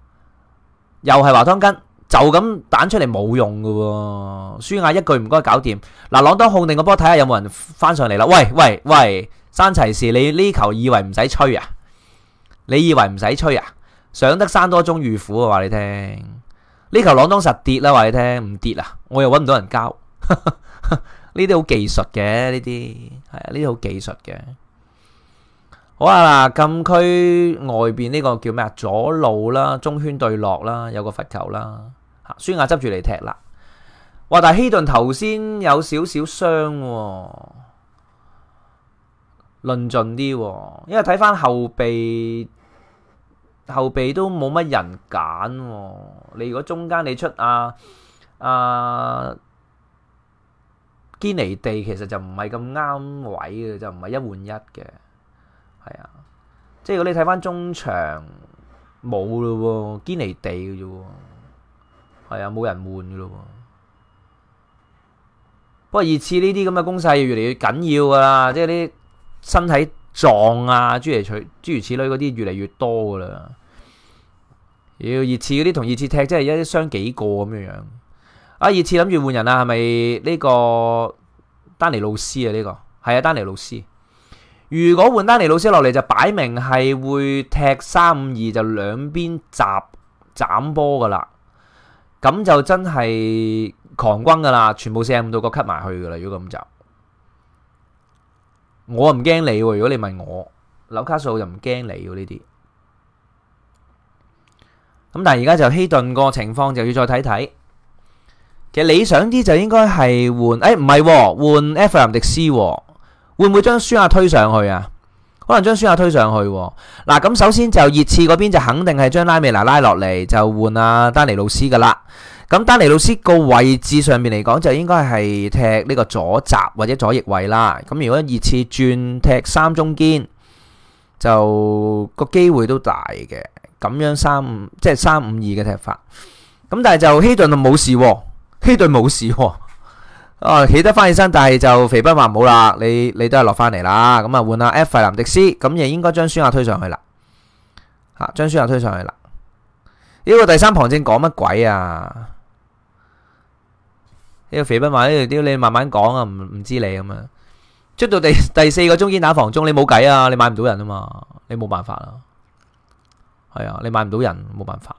又係華湯根。就咁彈出嚟冇用噶喎、啊。舒雅一,一句唔該搞掂嗱，朗當控定個波，睇下有冇人翻上嚟啦。喂喂喂，山齊士,你呢球以為唔使吹啊？你以為唔使吹啊？上得山多終遇虎啊！話你聽呢球朗當實跌啦，話你聽唔跌啊？我又揾唔到人交呢啲 好技術嘅呢啲係啊，呢啲好技術嘅好啊，嗱，禁區外邊呢個叫咩啊？左路啦，中圈對落啦，有個罰球啦。舒亞執住嚟踢啦，哇！但希頓頭先有少少傷，論盡啲，因為睇翻後備，後備都冇乜人揀、啊。你如果中間你出啊，阿、啊、堅尼地，其實就唔係咁啱位嘅，就唔係一換一嘅，係啊。即係如果你睇翻中場，冇咯、啊，堅尼地嘅啫、啊。係啊，冇人換噶咯，不過二刺熱刺呢啲咁嘅攻勢越嚟越緊要噶啦，即係啲身體撞啊，諸如此諸如此類嗰啲越嚟越多噶啦。妖熱刺嗰啲同熱刺踢，即係一傷幾個咁樣樣。阿熱刺諗住換人啊，係咪呢個丹尼路斯啊？呢、這個係啊，丹尼路斯。如果換丹尼路斯落嚟，就擺明係會踢三五二，就兩邊夾斬波噶啦。咁就真係狂轟噶啦，全部射唔到個吸埋去噶啦。如果咁就，我唔驚你。如果你問我，紐卡素又唔驚你呢啲。咁但係而家就希頓個情況就要再睇睇。其實理想啲就應該係換，誒唔係換埃弗拉迪斯，C, 會唔會將舒亞推上去啊？可能將孫亞推上去喎，嗱咁首先就熱刺嗰邊就肯定係將拉美拿拉落嚟，就換阿、啊、丹尼路斯㗎喇。咁丹尼路斯個位置上面嚟講就應該係踢呢個左閘或者左翼位啦。咁如果熱刺轉踢三中堅，就個機會都大嘅。咁樣三即係三五二嘅踢法。咁但係就希頓就冇事喎、哦，希頓冇事喎、哦。哦，啊、起得翻起身，但係就肥斌話唔好啦，你你都係落翻嚟啦，咁啊換阿 F 費南迪斯，咁亦應該將舒亞推上去啦，吓，將舒亞推上去啦。呢、啊、個第三旁證講乜鬼啊？呢個肥斌話呢條屌，你慢慢講啊，唔唔知你咁樣。出到第第四個中堅打防中，你冇計啊，你買唔到人啊嘛，你冇辦法啦、啊。係啊，你買唔到人，冇辦法。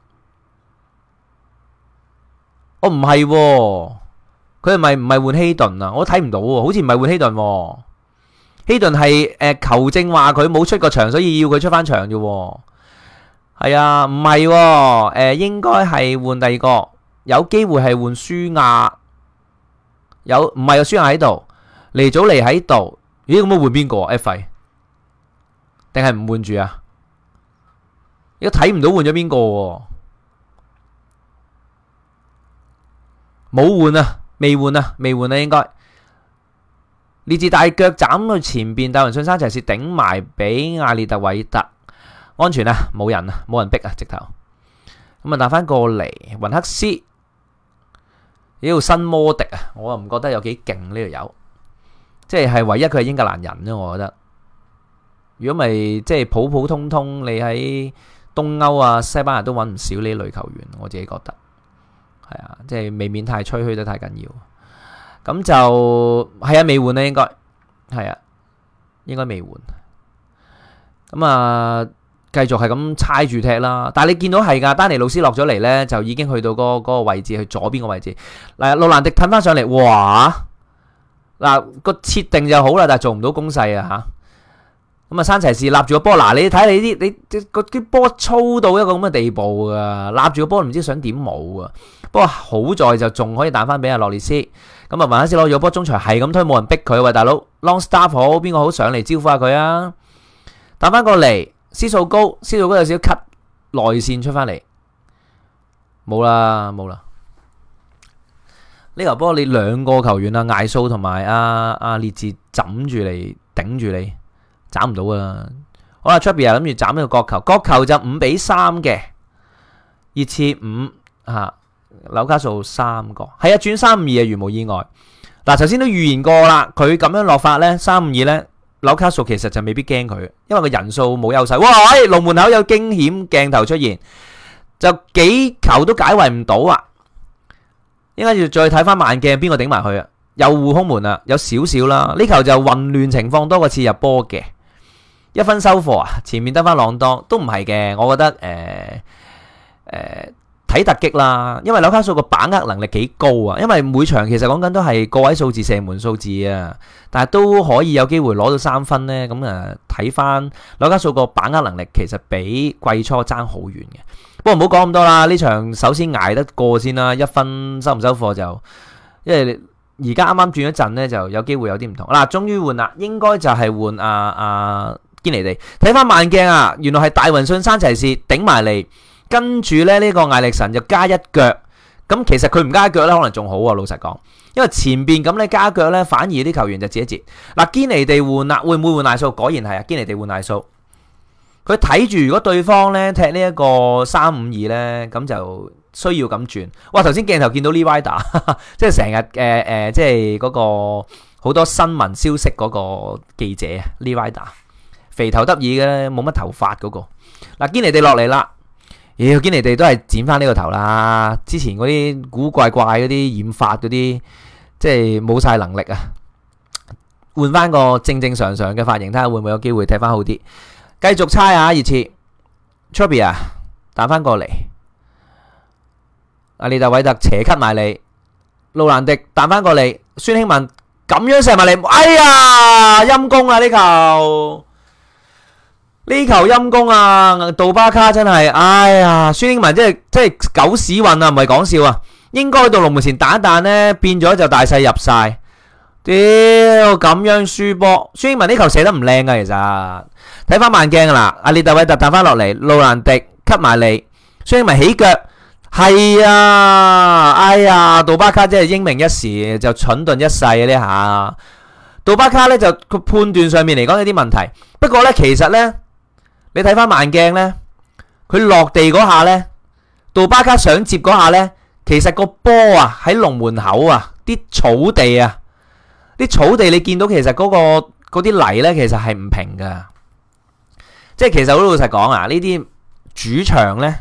我唔係。佢係咪唔係換希頓啊？我睇唔到喎，好似唔係換希頓。希頓係誒球證話佢冇出過場，所以要佢出翻場咋。係啊，唔係誒，應該係換第二個，有機會係換舒亞。有唔係有舒亞喺度，尼祖尼喺度。咦，咁樣換邊個？F，定係唔換住啊？而家睇唔到換咗邊個？冇換啊！未換啊，未換啊，應該列治大腳斬去前邊，大雲信山齊士頂埋俾亞列特韋特，安全啊，冇人啊，冇人逼啊，直頭咁啊，打翻過嚟，雲克斯，呢個新摩迪啊，我又唔覺得有幾勁呢度有，即係係唯一佢係英格蘭人啫，我覺得如果咪即係普普通通，你喺東歐啊、西班牙都揾唔少呢類球員，我自己覺得。係啊，即係未免太吹噓得太緊要，咁就係啊未換啦，應該係啊，應該未換，咁啊繼續係咁猜住踢啦。但係你見到係噶，丹尼老師落咗嚟咧，就已經去到嗰個、嗰個位置，去左邊個位置。嗱，路南迪褪翻上嚟，哇！嗱，個設定就好啦，但係做唔到攻勢啊吓。咁啊，山齊士立住個波，嗱，你睇你啲，你啲波粗到一個咁嘅地步啊。立住個波唔知想點冇啊！不過好在就仲可以彈翻俾阿洛列斯，咁啊，萬一斯攞咗波中場係咁推，冇人逼佢喂，大佬 Longstaff 好，邊個好上嚟招呼下佢啊？彈翻過嚟，斯數高，斯數高有少少 cut 內線出翻嚟，冇啦冇啦，呢、這個、球波你兩個球員蘇啊，艾蘇同埋阿阿列治枕住嚟頂住你。頂斬唔到啊！好啦，出邊啊諗住斬呢個角球，角球就五比三嘅，熱刺五吓紐卡數三個係啊，轉三五二啊，如無意外嗱，頭先都預言過啦，佢咁樣落法咧，三五二咧紐卡數其實就未必驚佢，因為個人數冇優勢。哇，哎，龍門口有驚險鏡頭出現，就幾球都解圍唔到啊！應該要再睇翻慢鏡，邊個頂埋去啊？有護空門啊，有少少啦。呢球就混亂情況多過次入波嘅。一分收貨啊！前面得翻朗多都唔係嘅，我覺得誒誒睇突擊啦，因為紐卡素個把握能力幾高啊，因為每場其實講緊都係個位數字射門數字啊，但係都可以有機會攞到三分呢。咁、嗯、啊，睇翻紐卡素個把握能力，其實比季初爭好遠嘅。不過唔好講咁多啦，呢場首先捱得過先啦，一分收唔收貨就因為而家啱啱轉一陣呢，就有機會有啲唔同。嗱，終於換啦，應該就係換阿阿。啊堅尼地睇翻慢鏡啊，原來係大雲信山齊士頂埋嚟，跟住咧呢、呢個艾力神就加一腳咁。其實佢唔加一腳咧，可能仲好啊。老實講，因為前邊咁咧加一腳咧，反而啲球員就折一截。嗱、啊。堅尼地換啊，會唔會換賴蘇？果然係啊，堅尼地換賴蘇。佢睇住如果對方咧踢呢一個三五二咧，咁就需要咁轉。哇，鏡頭先鏡頭見到呢 w i d e 即係成日誒誒，即係嗰、呃呃嗰個好多新聞消息嗰個記者呢 w i d e 肥頭得意嘅。冇乜頭髮嗰個嗱，堅尼地落嚟啦。妖，堅尼地都係剪翻呢個頭啦。之前嗰啲古怪怪嗰啲染髮嗰啲，即係冇晒能力啊，換翻個正正常常嘅髮型，睇下會唔會有機會睇翻好啲。繼續猜下，熱刺 Chubby 啊，彈翻過嚟。阿利達韋特扯咳埋你，路蘭迪彈翻過嚟，孫興文咁樣射埋嚟，哎呀陰功啊呢球！呢球陰功啊！杜巴卡真係哎呀，孫英文真係真係狗屎運啊，唔係講笑啊。應該到龍門前打一彈呢，變咗就大勢入晒。屌、哎、咁樣輸波，孫英文呢球射得唔靚啊。其實睇翻慢鏡噶啦，阿、啊、列特韋特彈翻落嚟，路蘭迪吸埋嚟，孫英文起腳係啊，哎呀，杜巴卡真係英明一時就蠢鈍一世啊！呢下杜巴卡呢就個判斷上面嚟講有啲問題，不過呢，其實呢。你睇翻慢鏡呢，佢落地嗰下呢，杜巴卡上接嗰下呢，其實個波啊喺龍門口啊，啲草地啊，啲草地你見到其實嗰個嗰啲泥呢，其實係唔平嘅，即係其實好老實講啊，呢啲主場呢，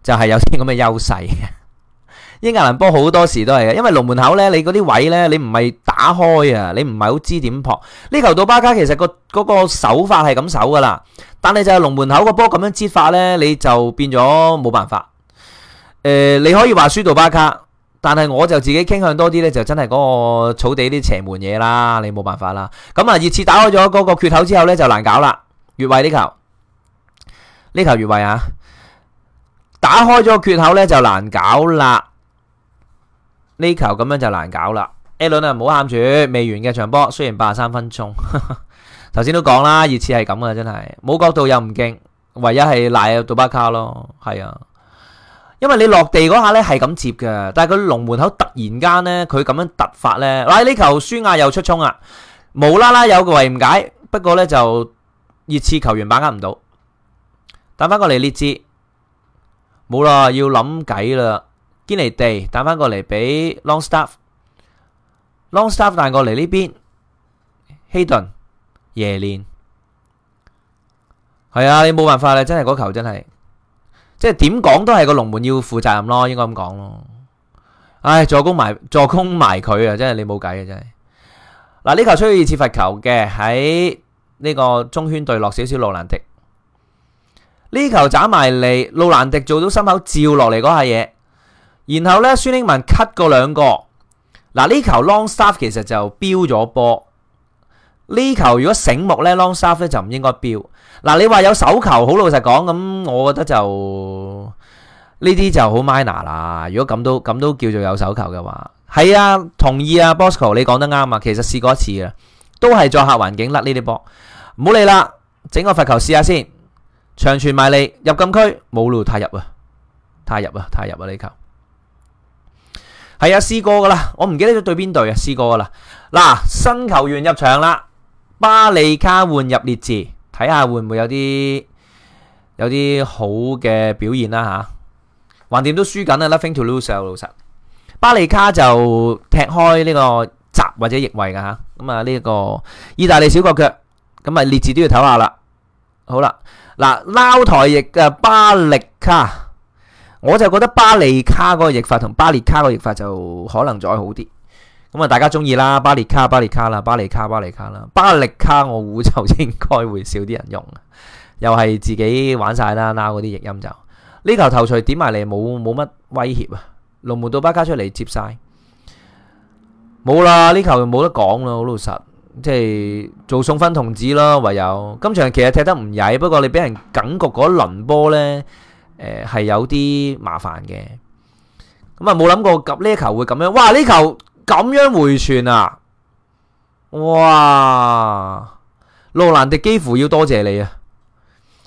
就係有啲咁嘅優勢。英格蘭波好多時都係嘅，因為龍門口呢，你嗰啲位呢，你唔係打開啊，你唔係好知點撲呢球到巴卡，其實個、嗰個手法係咁守噶啦，但係就係龍門口個波咁樣接法呢，你就變咗冇辦法。誒、呃，你可以話輸到巴卡，但係我就自己傾向多啲呢，就真係嗰個草地啲邪門嘢啦，你冇辦法啦。咁啊，熱刺打開咗嗰個缺口之後呢，就難搞啦。越位呢球，呢球越位啊！打開咗缺口呢，就難搞啦。呢球咁樣就難搞啦！艾倫啊，唔好喊住，未完嘅場波，雖然八十三分鐘，頭先都講啦，熱刺係咁噶，真係冇角度又唔勁，唯一係賴阿杜巴卡咯，係啊，因為你落地嗰下咧係咁接嘅，但係佢龍門口突然間咧佢咁樣突發咧，嗱呢球舒亞又出衝啊，無啦啦有個位唔解，不過咧就熱刺球員把握唔到，打翻過嚟呢支冇啦，要諗計啦。堅尼地打返過嚟畀 Longstaff，Longstaff 彈 Long 過嚟呢邊希頓夜連，係 Hay den, 蓮啊，你冇辦法啊，真係嗰球真係，即係點講都係個龍門要負責任咯，應該咁講咯。唉，助攻埋助攻埋佢啊，真係你冇計啊，真係。嗱呢球出去二次罰球嘅，喺呢個中圈對落少少路蘭迪，呢球斬埋嚟路蘭迪做到心口照落嚟嗰下嘢。.然後咧，孫興慜 cut 嗰兩個，嗱，呢球 long staff 其實就標咗波。呢球如果醒目咧 long staff 咧就唔應該標。嗱，你話有手球，好老實講咁，我覺得就呢啲就好 minor 啦。如果咁都咁都叫做有手球嘅話，係啊，同意啊，Bosco 你講得啱啊。其實試過一次啊，都係作客環境甩呢啲波，唔好理啦，整個罰球試下先，長傳埋嚟入禁區冇路，太入啊，太入啊，太入啊呢球。係啊，試過噶啦，我唔記得咗對邊隊啊，試過噶啦。嗱，新球員入場啦，巴利卡換入列治，睇下會唔會有啲有啲好嘅表現啦吓。橫掂都輸緊啊，nothing to lose 啊，老實。巴利卡就踢開呢個閘或者翼位噶吓，咁啊呢個意大利小國腳，咁啊列治都要唞下啦。好啦，嗱撈台翼嘅巴力卡。我就覺得巴列卡嗰個譯法同巴列卡個譯法就可能再好啲，咁啊大家中意啦，巴列卡、巴列卡啦，巴列卡、巴列卡啦，巴列卡，卡我估就應該會少啲人用，又係自己玩晒啦，嗱嗰啲譯音就呢球頭錘點埋嚟冇冇乜威脅啊，龍門到巴卡出嚟接晒，冇啦呢球冇得講咯，好老實即係做送分童子咯，唯有今場其實踢得唔曳，不過你俾人感覺嗰輪波呢。誒，係有啲麻煩嘅，咁啊冇諗過及呢球會咁樣，哇呢球咁樣回傳啊，哇，羅蘭迪幾乎要多謝你啊，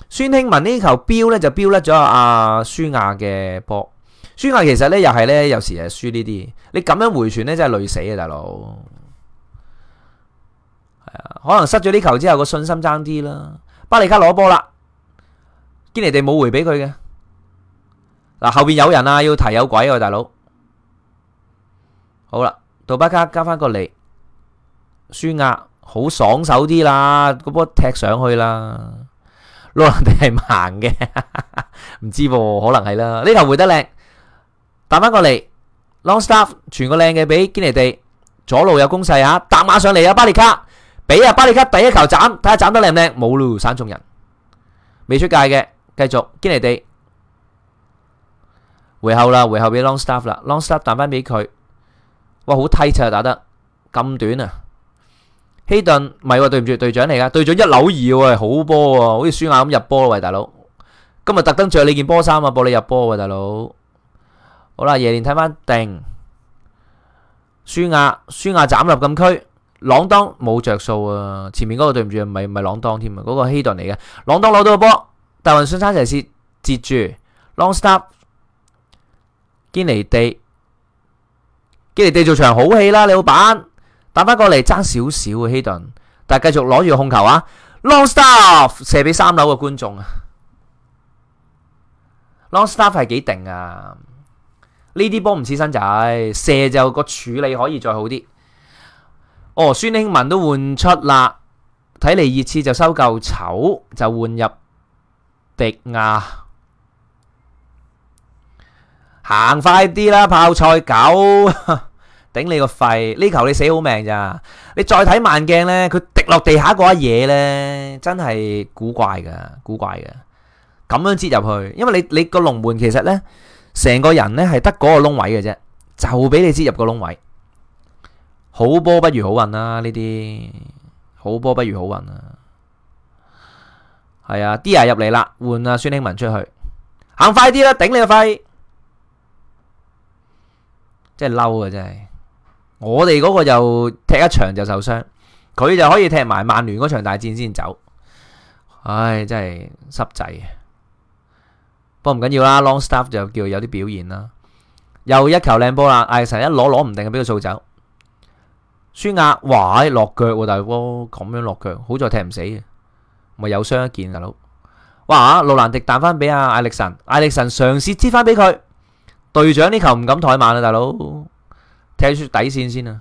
孫興文呢球標咧就標甩咗阿舒亞嘅波，舒亞其實咧又係咧有時係輸呢啲，你咁樣回傳咧真係累死啊大佬，係啊，可能失咗呢球之後個信心差啲啦，巴里卡攞波啦，堅尼地冇回俾佢嘅。嗱，後邊有人啊，要提有鬼啊，大佬。好啦，杜巴卡加翻過嚟，舒亞好爽手啲啦，個波踢上去啦。羅蘭迪係盲嘅，唔知噃，可能係啦。呢球回得靚，搭翻過嚟，Longstaff 傳個靚嘅俾堅尼地，左路有攻勢啊，踏馬上嚟啊，巴列卡，俾啊巴列卡第一球斬，睇下斬得靚唔靚，冇漏散中人，未出界嘅，繼續堅尼地。回後啦，回後俾 Longstaff 啦，Longstaff 彈翻俾佢，哇好 tight 啊打得咁短啊。希頓咪話對唔住隊長嚟噶，隊長一扭二喎，好波喎，好似舒亞咁入波喂，大佬今日特登着你件波衫啊，幫你入波喂，大佬好啦，夜連睇翻定舒亞舒亞斬入禁區，朗當冇着數啊，前面嗰個對唔住，唔係唔係朗當添啊，嗰個希頓嚟嘅朗當攞到個波，但係云信差斜士截住 Longstaff。堅尼地，堅尼地做場好戲啦，李老闆，打翻過嚟爭少少啊，希頓，Hidden，但係繼續攞住控球啊，Longstaff，射俾三樓嘅觀眾啊，Longstaff 係幾定啊？呢啲波唔似身仔，射就個處理可以再好啲。哦，孫興文都換出啦，睇嚟熱刺就收夠醜，就換入迪亞。行快啲啦，泡菜狗，頂你個肺！呢球你死好命咋？你再睇慢鏡咧，佢跌落地下嗰一嘢咧，真係古怪噶，古怪嘅。咁樣擠入去，因為你你個龍門其實咧，成個人咧係得嗰個窿位嘅啫，就俾你擠入個窿位。好波不如好運啦，呢啲好波不如好運啊。係啊，啲人入嚟啦，換阿孫興慜出去，行快啲啦，頂你個肺！真係嬲啊！真係，我哋嗰個又踢一場就受傷，佢就可以踢埋曼聯嗰場大戰先走。唉，真係濕滯啊！不過唔緊要啦，Longstaff 就叫有啲表現啦。又一球靚波啦，艾力神一攞攞唔定，俾佢掃走。舒亞，哇，落腳喎、啊，大哥咁樣落腳，好在踢唔死嘅，咪有傷一件大佬。哇，路蘭迪彈翻俾阿艾力神，艾力神嘗試支翻俾佢。隊長呢球唔敢怠慢啦，大佬踢出底綫先啊！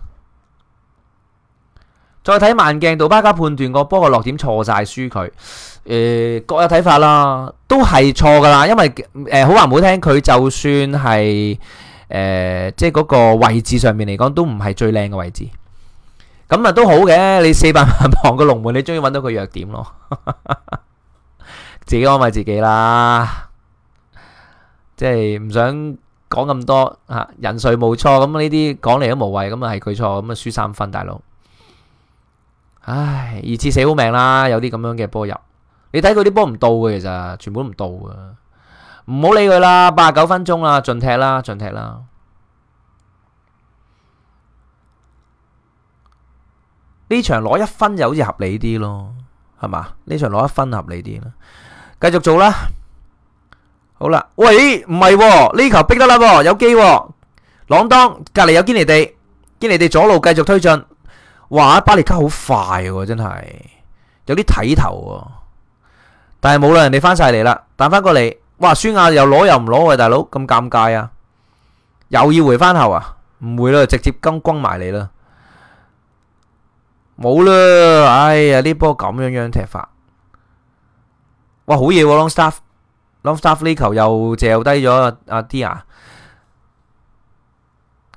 再睇慢鏡，杜巴加判斷個波個落點錯晒，輸佢。誒，各有睇法啦，都係錯噶啦。因為誒好話唔好聽，佢就算係誒即係嗰個位置上面嚟講，都唔係最靚嘅位置。咁啊都好嘅，你四百萬磅嘅龍門，你終於揾到佢弱點咯。自己安慰自己啦，即係唔想。講咁多吓，人誰冇錯咁啊！呢啲講嚟，都無謂，咁啊係佢錯，咁啊輸三分，大佬。唉，二次死好命啦！有啲咁樣嘅波入，你睇佢啲波唔到嘅，其實，全部都唔到嘅，唔好理佢啦。八十九分鐘啦，盡踢啦，盡踢啦。呢場攞一分就好似合理啲咯，係嘛？呢場攞一分合理啲啦，繼續做啦。好啦，喂，唔係呢球逼得啦，有機。朗當隔籬有堅尼地，堅尼地左路繼續推進。哇，巴列卡好快，真係有啲睇頭。但係冇啦，人哋翻晒嚟啦，彈翻過嚟。哇，孫亞又攞又唔攞，喂，大佬咁尷尬啊！又要回翻後啊？唔會啦，直接跟轟埋嚟啦。冇啦，哎呀，呢波咁樣樣踢法，哇，好嘢，long stuff。Longstaff 呢球又射低咗啊！阿 Dia，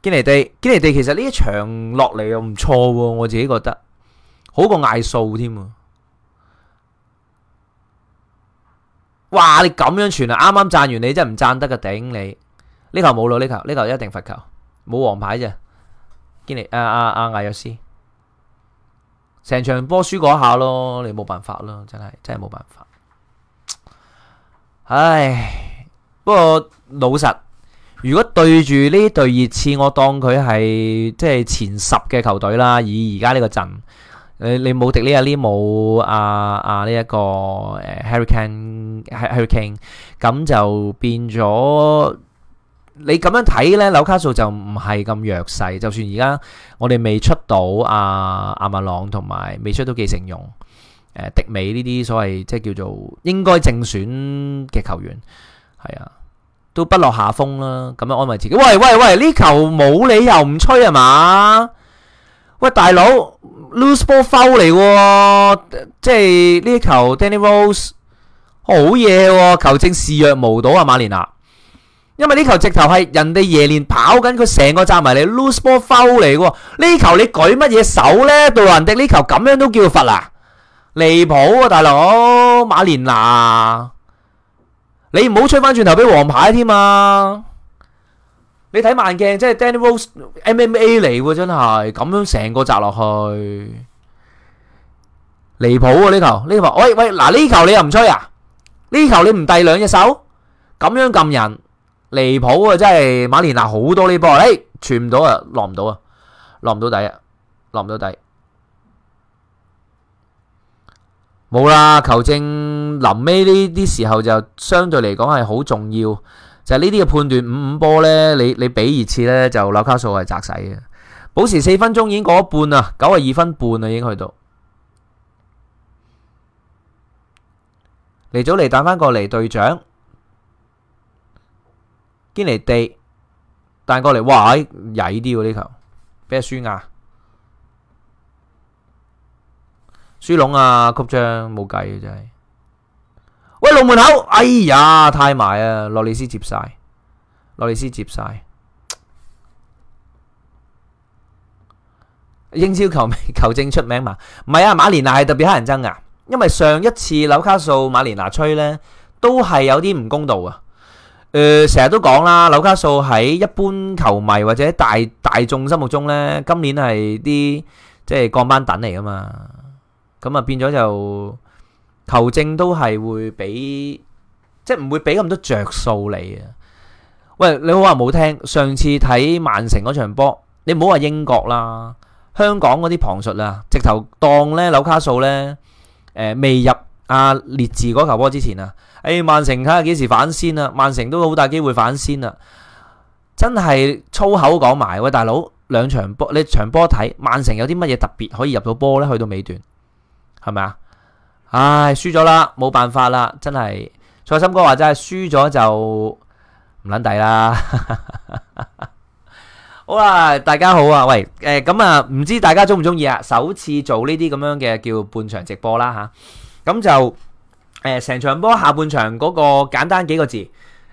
堅尼地，堅尼地，其實呢一場落嚟又唔錯，我自己覺得好過艾素添。啊。哇！你咁樣傳啊，啱啱讚完你真係唔讚得嘅頂你！呢球冇咯，呢球呢球一定罰球，冇黃牌啫。堅尼，啊啊啊，艾約斯，成場波輸過下咯，你冇辦法咯，真係真係冇辦法。唉，不過老實，如果對住呢隊熱刺，我當佢係即係前十嘅球隊啦。以而家呢個陣，你你冇迪呢一呢冇啊？阿呢一個誒 Harry Kane，Harry Kane 咁就變咗。你咁樣睇咧，紐卡素就唔係咁弱勢。就算而家我哋未出到啊，阿馬朗同埋未出到紀成用，誒，迪、呃、美呢啲所謂即係叫做應該正選嘅球員，係啊，都不落下風啦。咁樣安慰自己，喂喂喂，呢球冇理由唔吹係嘛？喂，大佬，lose ball foul 嚟，即係呢球 Danny Rose 好嘢、哦，球證視若無睹啊，馬連納，因為呢球直頭係人哋夜連跑緊，佢成個站埋嚟，lose ball foul 嚟，呢球你舉乜嘢手呢？杜蘭迪呢球咁樣都叫罰啊？離譜啊，大佬馬連拿，你唔好吹翻轉頭俾黃牌添啊！你睇慢鏡，即係 Danny Rose MMA 嚟喎，真係咁樣成個砸落去，離譜啊呢頭，呢頭，喂喂，嗱呢球你又唔吹啊？呢球你唔遞兩隻手，咁樣撳人，離譜啊！真係馬連拿好多呢波，誒、哎，傳唔到啊，落唔到啊，落唔到底啊，落唔到底。冇啦，球證臨尾呢啲時候就相對嚟講係好重要，就係呢啲嘅判斷五五波呢，你你比熱刺咧就紐卡素係窒死嘅。補時四分鐘已經過一半啦，九啊二分半啦已經去到。嚟祖嚟彈翻過嚟隊長，堅尼地彈過嚟，哇曳啲喎呢球，咩酸啊？輸窿啊，曲張冇計啊，真係！喂，龍門口，哎呀，太埋啊！洛里斯接晒，洛里斯接晒。英超球迷球證出名嘛？唔係啊，馬連納係特別乞人憎噶因為上一次紐卡素馬連納吹咧，都係有啲唔公道啊。誒，成日都講啦，紐卡素喺一般球迷或者大大眾心目中咧，今年係啲即係降班等嚟噶嘛。咁啊，變咗就球證都係會俾即係唔會俾咁多着數你啊。喂，你好話唔好聽上次睇曼城嗰場波，你唔好話英國啦，香港嗰啲旁述啦，直頭當咧紐卡素咧，誒、呃、未入阿、啊、列治嗰球波之前啊，誒、哎、曼城睇下幾時反先啊？曼城都好大機會反先啊！真係粗口講埋喂大，大佬兩場波你場波睇曼城有啲乜嘢特別可以入到波咧？去到尾段。係咪啊？唉，輸咗啦，冇辦法啦，真係蔡心哥話，真係輸咗就唔捻抵啦。 好啦、啊，大家好啊，喂，誒咁啊，唔、呃、知大家中唔中意啊？首次做呢啲咁樣嘅叫半場直播啦、啊、吓，咁、啊嗯、就誒成、呃、場波下半場嗰個簡單幾個字誒、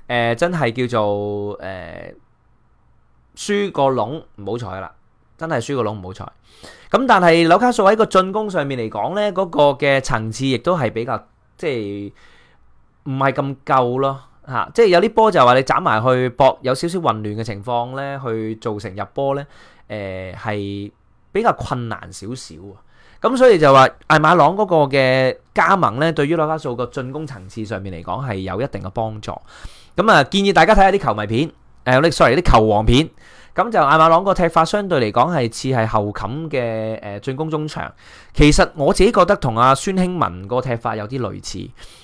呃，真係叫做誒輸個籠唔好彩啦，真係輸個籠唔好彩。咁但係紐卡素喺個進攻上面嚟講咧，嗰個嘅層次亦都係比較即係唔係咁夠咯，吓即係有啲波就話你斬埋去搏，有少少混亂嘅情況咧，去造成入波咧，誒係比較困難少少啊。咁所以就話艾馬朗嗰個嘅加盟咧，對於紐卡素個進攻層次上面嚟講係有一定嘅幫助。咁啊，建議大家睇下啲球迷片，誒，我哋 sorry 啲球王片。咁就亞馬朗個踢法，相對嚟講係似係後冚嘅誒進攻中場，其實我自己覺得同阿孫興文個踢法有啲類似，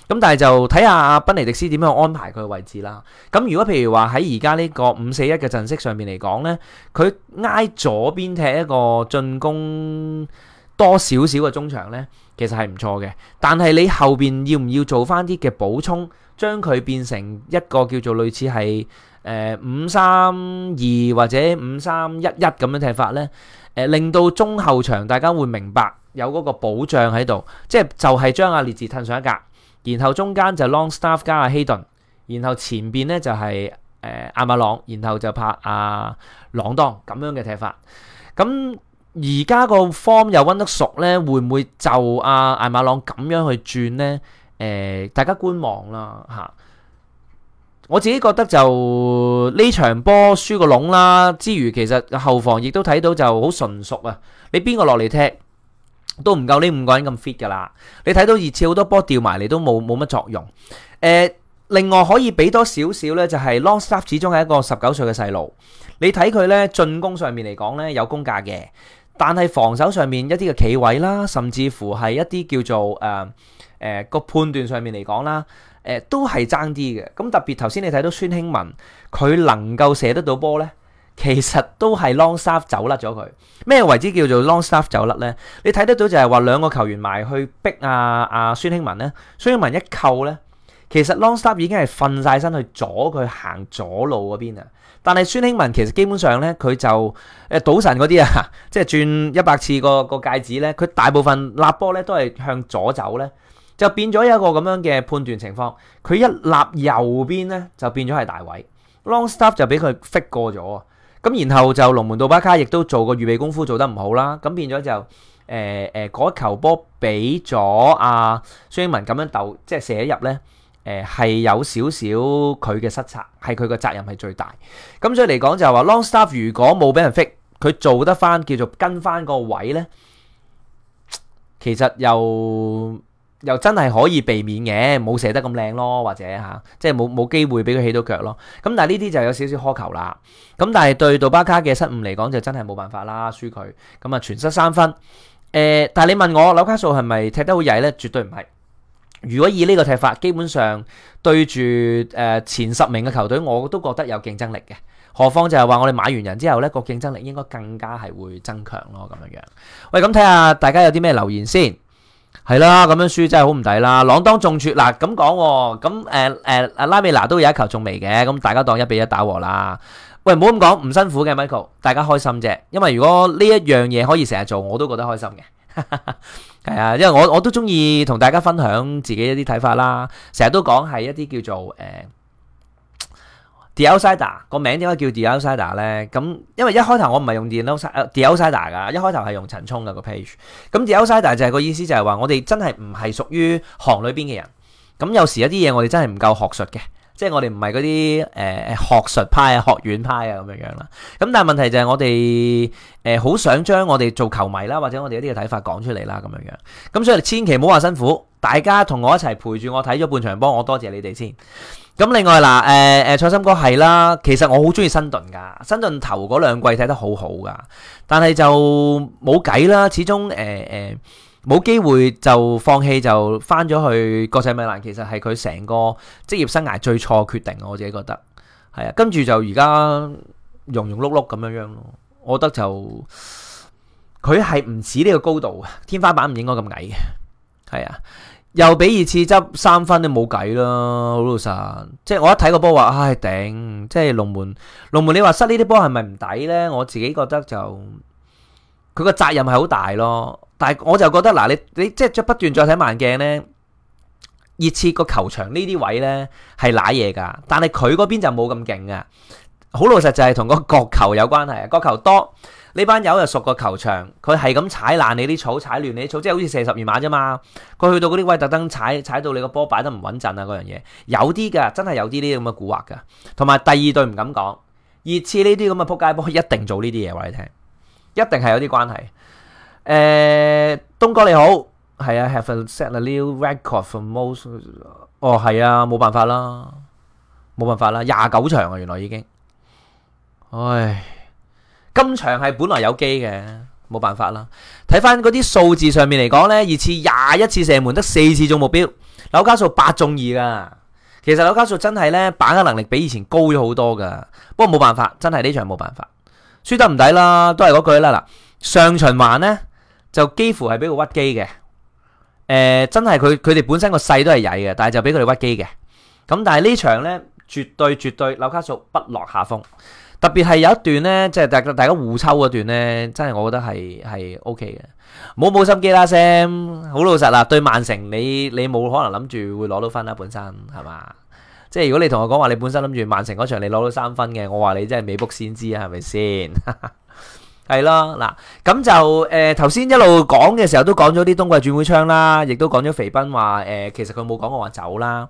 咁但係就睇下阿賓尼迪斯點樣安排佢嘅位置啦。咁如果譬如話喺而家呢個五四一嘅陣式上面嚟講呢，佢挨左邊踢一個進攻多少少嘅中場呢，其實係唔錯嘅。但係你後面要唔要做返啲嘅補充？將佢變成一個叫做類似係誒、呃、五三二或者五三一一咁樣踢法咧，誒、呃、令到中後場大家會明白有嗰個保障喺度，即係就係將阿列治褪上一格，然後中間就 Longstaff 加阿希頓，然後前邊咧就係誒艾馬朗，然後就拍阿、啊、朗當咁樣嘅踢法。咁而家個 form 又溫得熟咧，會唔會就、啊、阿艾馬朗咁樣去轉咧？誒、呃，大家觀望啦吓、啊，我自己覺得就呢場波輸個籠啦，之餘其實後防亦都睇到就好純熟啊。你邊個落嚟踢都唔夠呢五個人咁 fit 㗎啦。你睇到熱刺好多波掉埋嚟都冇冇乜作用。誒、呃，另外可以俾多少少、就係、 呢，就係 Longstaff 始終係一個十九歲嘅細路。你睇佢呢，進攻上面嚟講呢，有功架嘅，但係防守上面一啲嘅企位啦，甚至乎係一啲叫做誒。呃誒、呃、個判斷上面嚟講啦，誒、呃、都係爭啲嘅。咁特別頭先你睇到孫興文，佢能夠射得到波呢，其實都係 Longstaff 走甩咗佢。咩為之叫做 Longstaff 走甩呢？你睇得到就係話兩個球員埋去逼阿、啊、阿、啊、孫興文呢。孫興文一扣呢，其實 Longstaff 已經係瞓晒身去阻佢行左路嗰邊啊。但係孫興文其實基本上呢，佢就誒賭、呃、神嗰啲啊，即 係轉一百次個個戒指呢，佢大部分立波呢都係向左走呢。就變咗一個咁樣嘅判斷情況，佢一立右邊咧就變咗係大位，Longstaff 就俾佢 fit 過咗啊！咁然後就龍門道巴卡亦都做個預備功夫做得唔好啦，咁變咗就誒誒嗰球波俾咗阿孫英文咁樣鬥，即係射入咧誒係有少少佢嘅失策，係佢個責任係最大。咁所以嚟講就係話 Longstaff 如果冇俾人 fit，佢做得翻叫做跟翻個位咧，其實又～又真係可以避免嘅，冇射得咁靚咯，或者吓、啊，即係冇冇機會俾佢起到腳咯。咁但係呢啲就有少少苛求啦。咁但係對杜巴卡嘅失誤嚟講，就真係冇辦法啦，輸佢咁啊，全失三分。誒、呃，但係你問我，紐卡素係咪踢得好曳呢？絕對唔係。如果以呢個踢法，基本上對住誒、呃、前十名嘅球隊，我都覺得有競爭力嘅。何況就係話我哋買完人之後呢個競爭力應該更加係會增強咯。咁樣樣，喂，咁睇下大家有啲咩留言先。係啦，咁樣輸真係好唔抵啦。朗當中柱，嗱咁講，咁誒誒阿拉美娜都有一球仲未嘅，咁大家當一比一打和啦。喂，唔好咁講，唔辛苦嘅，Michael，大家開心啫。因為如果呢一樣嘢可以成日做，我都覺得開心嘅。係 啊，因為我我都中意同大家分享自己一啲睇法啦。成日都講係一啲叫做誒。呃 The Outsider 個名點解叫 The Outsider 咧？咁因為一開頭我唔係用 The Outsider 噶，一開頭係用陳沖噶個 page。咁 The Outsider 就係個意思，就係話我哋真係唔係屬於行裏邊嘅人。咁有時一啲嘢我哋真係唔夠學術嘅，即係我哋唔係嗰啲誒學術派啊、學院派啊咁樣樣啦。咁但係問題就係我哋誒好想將我哋做球迷啦，或者我哋啲嘅睇法講出嚟啦咁樣樣。咁所以千祈唔好話辛苦，大家同我一齊陪住我睇咗半場波，我多謝你哋先。咁另外嗱，誒、呃、誒、呃，蔡心哥係啦，其實我新頓新頓好中意申頓噶，申頓頭嗰兩季睇得好好噶，但係就冇計啦，始終誒誒，冇、呃、機、呃、會就放棄就翻咗去國際米蘭，其實係佢成個職業生涯最錯嘅決定，我自己覺得係啊，跟住就而家庸庸碌碌咁樣樣咯，我覺得就佢係唔止呢個高度嘅，天花板唔應該咁矮嘅，係啊。又俾熱刺執三分都冇計啦，好老實。即係我一睇個波話，唉、哎、頂！即係龍門，龍門你話失呢啲波係咪唔抵呢？我自己覺得就佢個責任係好大咯。但係我就覺得嗱，你你即係不斷再睇慢鏡呢，熱刺個球場呢啲位呢，係瀨嘢噶。但係佢嗰邊就冇咁勁噶，好老實就係同個角球有關係啊，角球多。呢班友又熟個球場，佢係咁踩爛你啲草，踩亂你啲草，即係好似射十二碼啫嘛。佢去到嗰啲位特登踩踩到你個波擺得唔穩陣啊！嗰樣嘢有啲㗎，真係有啲呢啲咁嘅蠱惑㗎。同埋第二隊唔敢講，熱刺呢啲咁嘅撲街波一定做呢啲嘢，話你聽，一定係有啲關係。誒、呃，東哥你好，係啊，have a set a new record for most。哦，係啊，冇辦法啦，冇辦法啦，廿九場啊，原來已經，唉。今場係本來有機嘅，冇辦法啦。睇翻嗰啲數字上面嚟講呢，二次廿一次射門得四次中目標，紐卡素八中二噶。其實紐卡素真係呢，把握能力比以前高咗好多噶。不過冇辦法，真係呢場冇辦法，輸得唔抵啦。都係嗰句啦，嗱，上循環呢，就幾乎係俾佢屈機嘅。誒、呃，真係佢佢哋本身個勢都係曳嘅，但係就俾佢哋屈機嘅。咁但係呢場呢，絕對絕對紐卡素不落下風。特別係有一段呢，即係大家大家互抽嗰段呢，真係我覺得係係 O K 嘅，冇冇、okay、心機啦 Sam，好老實啦，對曼城你你冇可能諗住會攞到分啦，本身係嘛？即係如果你同我講話你本身諗住曼城嗰場你攞到三分嘅，我話你真係未卜先知啊，係咪先？係 咯，嗱，咁就誒頭先一路講嘅時候都講咗啲冬季轉會窗啦，亦都講咗肥斌話誒、呃，其實佢冇講過話走啦。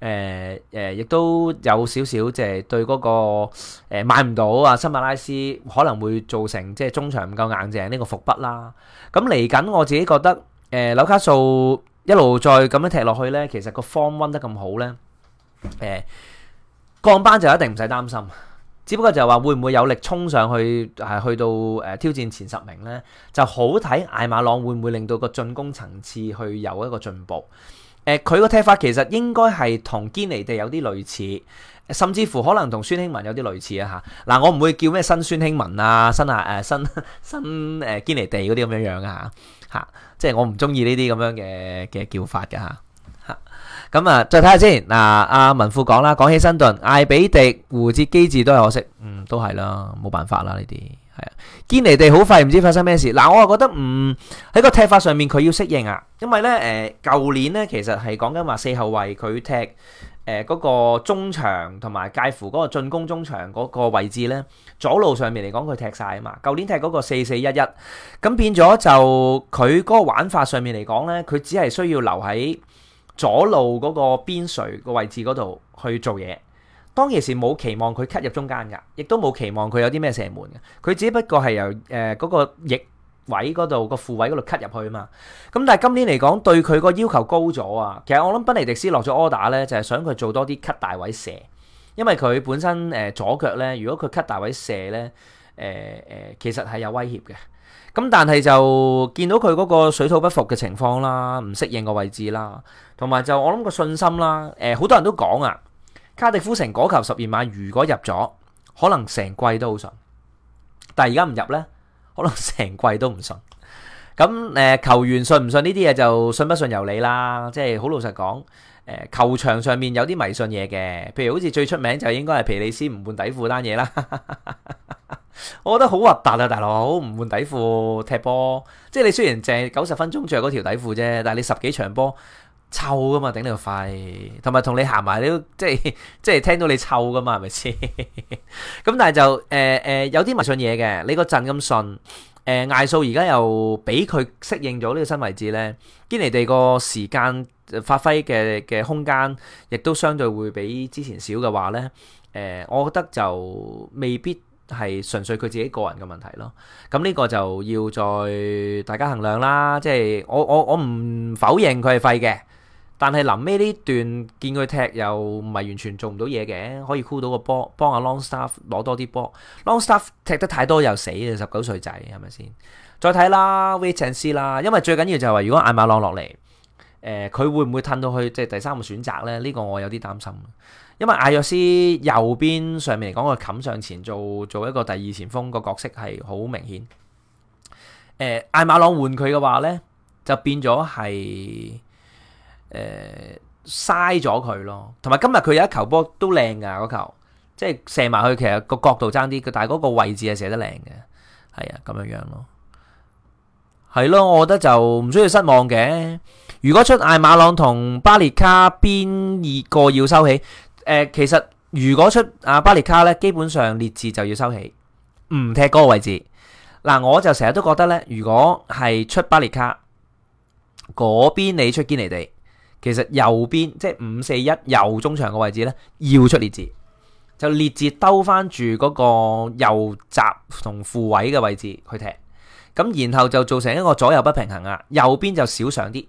誒誒，亦、呃、都有少少即係對嗰、那個誒、呃、買唔到啊，新馬拉斯可能會造成即係中場唔夠硬淨呢個伏筆啦。咁嚟緊我自己覺得，誒、呃、紐卡素一路再咁樣踢落去呢，其實個 form 溫得咁好呢。誒、呃，降班就一定唔使擔心，只不過就係話會唔會有力衝上去係去到誒、呃、挑戰前十名呢，就好睇艾馬朗會唔會令到個進攻層次去有一個進步。誒佢個踢法其實應該係同堅尼地有啲類似，甚至乎可能同孫興文有啲類似啊！嚇嗱，我唔會叫咩新孫興文啊，新啊誒新新誒堅尼地嗰啲咁樣樣啊！嚇嚇，即係我唔中意呢啲咁樣嘅嘅叫法嘅嚇嚇。咁啊，啊，再睇下先嗱，阿、啊、文富講啦，講起新頓艾比迪胡哲基治都係可惜，嗯，都係啦，冇辦法啦呢啲。係堅尼地好快唔知發生咩事，嗱我啊覺得唔喺、嗯、個踢法上面佢要適應啊，因為咧誒舊年咧其實係講緊話四後衛佢踢誒嗰、呃那個中場同埋介乎嗰個進攻中場嗰個位置咧左路上面嚟講佢踢晒啊嘛，舊年踢嗰個四四一一，咁變咗就佢嗰個玩法上面嚟講咧，佢只係需要留喺左路嗰個邊垂個位置嗰度去做嘢。當其時冇期望佢 cut 入中間嘅，亦都冇期望佢有啲咩射門嘅。佢只不過係由誒嗰、呃那個翼位嗰度、那個副位嗰度 cut 入去啊嘛。咁但係今年嚟講，對佢個要求高咗啊。其實我諗，賓尼迪斯落咗柯打咧，就係、是、想佢做多啲 cut 大位射，因為佢本身誒、呃、左腳咧，如果佢 cut 大位射咧，誒、呃、誒、呃、其實係有威脅嘅。咁但係就見到佢嗰個水土不服嘅情況啦，唔適應個位置啦，同埋就我諗個信心啦。誒、呃、好多人都講啊。卡迪夫城嗰球十二碼如果入咗，可能成季都好順。但係而家唔入呢，可能成季都唔順。咁誒、呃，球員信唔信呢啲嘢就信不信由你啦。即係好老實講，誒、呃，球場上面有啲迷信嘢嘅，譬如好似最出名就應該係皮利斯唔換底褲單嘢啦。 我覺得好核突啊，大佬，唔換底褲踢波，即係你雖然淨九十分鐘着嗰條底褲啫，但係你十幾場波。臭噶嘛，頂你個肺，同埋同你行埋你都即係即係聽到你臭噶嘛，係咪先？咁 但係就誒誒、呃呃，有啲迷信嘢嘅，你個陣咁順，誒、艾數而家又俾佢適應咗呢個新位置咧，堅尼地個時間發揮嘅嘅空間亦都相對會比之前少嘅話咧，誒、呃，我覺得就未必係純粹佢自己個人嘅問題咯。咁呢個就要再大家衡量啦。即係我我我唔否認佢係廢嘅。但係臨尾呢段見佢踢又唔係完全做唔到嘢嘅，可以箍到個波，幫阿 Longstaff 攞多啲波。Longstaff 踢得太多又死啊！十九歲仔係咪先？再睇啦，Wait and see 啦，因為最緊要就係、是、話如果艾馬朗落嚟，佢、呃、會唔會褪到去即係第三個選擇呢，呢、這個我有啲擔心，因為艾若斯右邊上面嚟講佢冚上前做做一個第二前鋒個角色係好明顯、呃。艾馬朗換佢嘅話呢，就變咗係。誒，嘥咗佢咯，同埋今日佢有一球波都靚噶，嗰球即係射埋去，其實個角度爭啲，但係嗰個位置係射得靚嘅，係啊，咁樣樣咯，係咯，我覺得就唔需要失望嘅。如果出艾馬朗同巴列卡邊二個要收起，誒、呃，其實如果出阿巴列卡咧，基本上列治就要收起，唔踢嗰個位置。嗱，我就成日都覺得咧，如果係出巴列卡嗰邊，邊你出堅尼地。其實右邊即係五四一右中場嘅位置咧，要出列字，就列字兜翻住嗰個右閘同副位嘅位置去踢，咁然後就造成一個左右不平衡啊。右邊就少上啲，